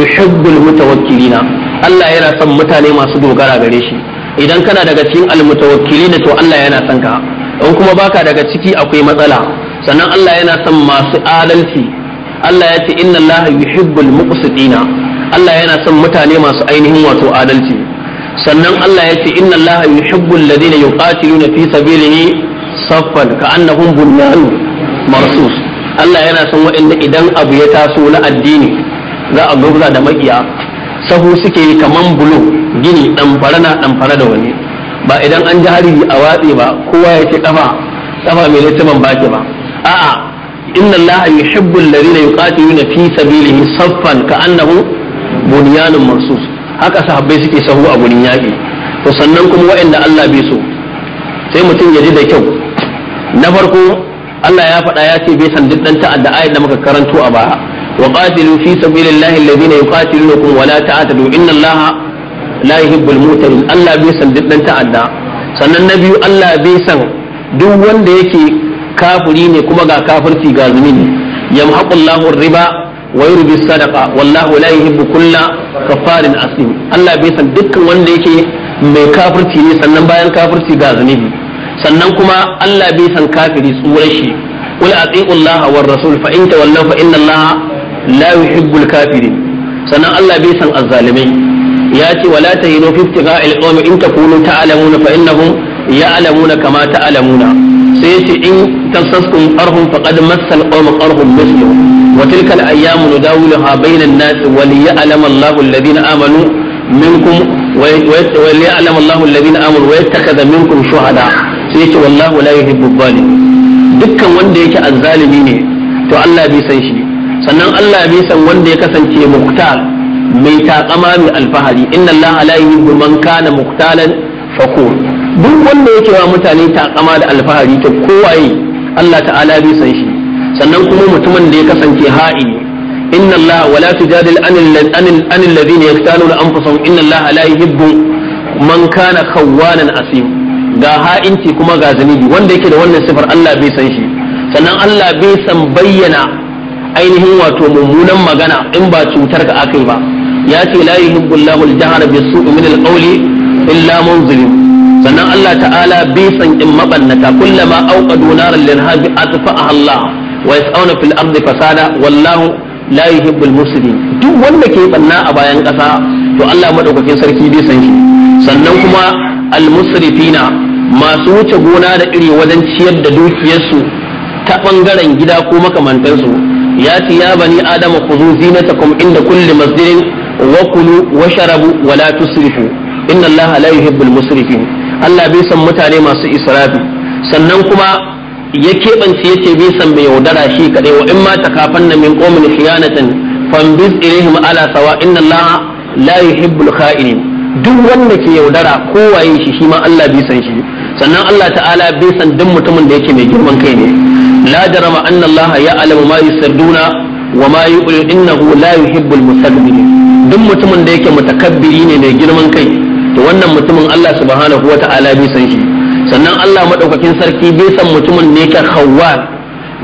yuhibbul mutawakkilina Allah yana son mutane masu dogara gare shi idan kana daga cikin almutawakkilina to Allah yana son ka in kuma baka daga ciki akwai matsala sannan Allah yana son masu adalci Allah ya ce inna Allah yuhibbul muqsitina Allah yana son mutane masu ainihin wato adalci sannan Allah ya ce inna Allah yuhibbul ladina yuqatiluna fi sabilihi saffan ka'annahum bunyan marsus Allah yana son waɗanda idan abu ya taso na addini za a gobza da makiya sahu suke kaman bulo gini ɗamfara na ɗamfara da wani ba idan an ji hari a watsi ba kowa ya ce kafa kafa mai littafin baki ba a'a inna allaha yuhibbu alladhina yuqatiluna fi sabilihi saffan ka'annahu bunyanun marsus haka sahabbai suke sahu a gurin yaƙi to sannan kuma waɗanda Allah bai so sai mutum ya ji da kyau na farko Allah ya faɗa ya ce bai san duk dan ta'adda ayat da muka karanto a baya wa qatilu fi sabilillahi alladhina yuqatilunakum wa la ta'tadu inna allaha la yuhibbul mutarin Allah bai san duk dan ta'adda sannan na biyu Allah bai san duk wanda yake kafiri ne kuma ga kafirci ga zumini yamhaqullahu riba wa yurbi sadaqa wallahu la yuhibbu kulla kafarin asim Allah bai san dukkan wanda yake mai kafirci ne sannan bayan kafirci ga zunubi sannan kuma Allah bai san kafiri tsurar shi قل أطيعوا الله والرسول فإن تولوا فإن الله لا يحب الكافرين sannan Allah bai san azzalimai ya ce wala tahinu fi ibtigha'il qawmi in takunu ta'lamuna fa innahum ya'lamuna kama ta'lamuna sai yace in tasaskum arhum faqad massal qawma arhum mislu wa tilka al-ayyam nudawilha bainan nas wa liya'lama Allahu alladhina amanu minkum wa liya'lama Allahu alladhina amanu wa yattakhadha minkum shuhada sai yace wallahu la yuhibbu adh-dhalim dukkan wanda yake azzalimi ne to Allah bai san shi sannan Allah bai san wanda ya kasance muktar mai takama mai alfahari inna allaha la yuhibbu man kana muqtalan fakur duk wanda yake wa mutane takama da alfahari to kowaye Allah ta'ala bai san shi sannan kuma mutumin da ya kasance ha'ini inna allaha wala tujadil anil anil ladina yaktaluna anfusahum inna allaha la yuhibbu man kana khawanan asim ga ha'inci kuma ga zunubi wanda yake da wannan sifar Allah bai san shi sannan Allah bai san bayyana ainihin wato mummunan magana in ba cutar ka aka ba ya ce la yi Allahu al-jahra bis su min al illa man zulim sannan Allah ta'ala bai san in mabannata kullama awqadu naran lirhabi atfa'aha Allah wa yas'una fil ardi fasada wallahu la yuhibbul mufsidin duk wanda ke banna a bayan kasa to Allah madaukakin sarki bai san shi sannan kuma al-musrifina masu wuce gona da iri wajen ciyar da dukiyarsu ta bangaren gida ko makamantansu ya ce ya bani adama ku zo zinatakum inda kulli masjidin wa kulu wa sharabu wa la tusrifu inna Allah la yuhibbul musrifin Allah bai san mutane masu israfi sannan kuma ya keɓance yace bai san mai yaudara shi kadai wa in ma takafanna min qawmin khiyanatan fambiz ilaihim ala sawa inna Allah la yuhibbul kha'inin duk wanda ke yaudara kowaye shi shi ma Allah bai san shi sannan Allah ta'ala bai san duk mutumin da yake mai girman kai ne la jarama anna ya alamu ma yusarduna wa ma yuqul innahu la yuhibbul mustakbirin duk mutumin da yake mutakabbiri ne mai girman kai to wannan mutumin Allah subhanahu wata'ala bai san shi sannan Allah madaukakin sarki bai san mutumin ne ka khawwa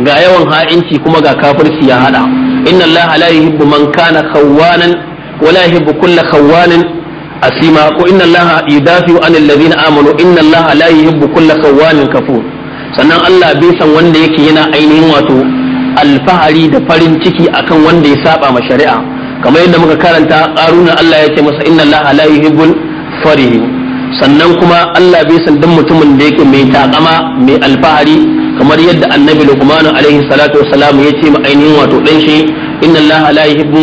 ga yawan ha'inci kuma ga kafirci ya hada inna Allah la yuhibbu man kana khawwanan wa la yuhibbu kulla khawwanin asima ko inna Allah yudafi an alladhina amanu inna Allah la yuhibbu kulla khawwanin kafur sannan Allah bai san wanda yake yana ainihin wato alfahari da farin ciki akan wanda ya saba ma shari'a kamar yadda muka karanta karuna Allah ya ce masa inna Allah la yuhibbul farihi sannan kuma Allah bai san dan mutumin da yake mai takama mai alfahari kamar yadda annabi Luqman alaihi salatu wassalam ya ce ma ainihin wato dan shi inna Allah la yuhibbu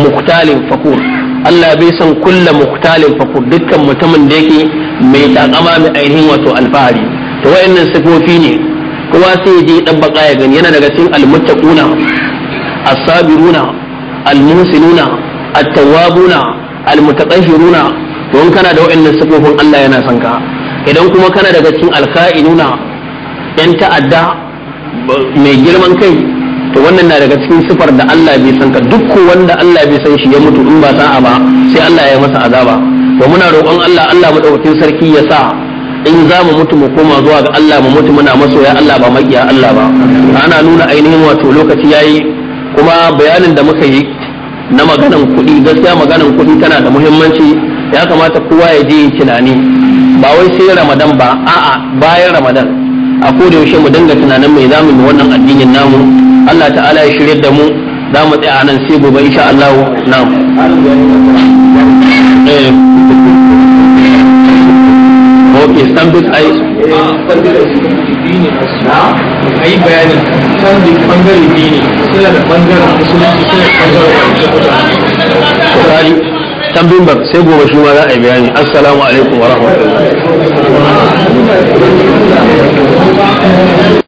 muqtalin fakur Allah bai san kulla muqtalin fakur dukkan mutumin da yake mai takama mai ainihin wato alfahari to wayannan sifofi ne kowa sai je dan baka ya gani yana daga cikin almuttaquna as-sabiruna al-musinuna at-tawwabuna al-mutatahhiruna to in kana da wa'annan sifofin Allah yana son ka idan kuma kana daga cikin al-kha'inuna yan ta'adda mai girman kai to wannan na daga cikin sifar da Allah bai san ka duk wanda Allah bai san shi ya mutu in ba sa'a ba sai Allah ya masa azaba to muna roƙon Allah Allah madaukakin sarki ya sa in za mu mutu mu koma zuwa ga Allah mu mutu muna masoya Allah ba makiya Allah ba ana nuna ainihin wato lokaci yayi kuma bayanin da muka yi na maganan kuɗi gaskiya maganan kuɗi tana da muhimmanci ya kamata kowa ya je tunani ba wai sai Ramadan ba a'a bayan Ramadan a koda yaushe mu dinga tunanin mai zamu yi wannan addinin namu Allah ta'ala ya shirye da mu za mu tsaya nan sai gobe insha Allah na'am eh. ke sandwich ai ai bayani sandwich bangare biyu ne suna da bangaren musulunci suna da bangaren tambayin ba sai gobe shi ma za a yi bayani assalamu alaikum wa rahmatullahi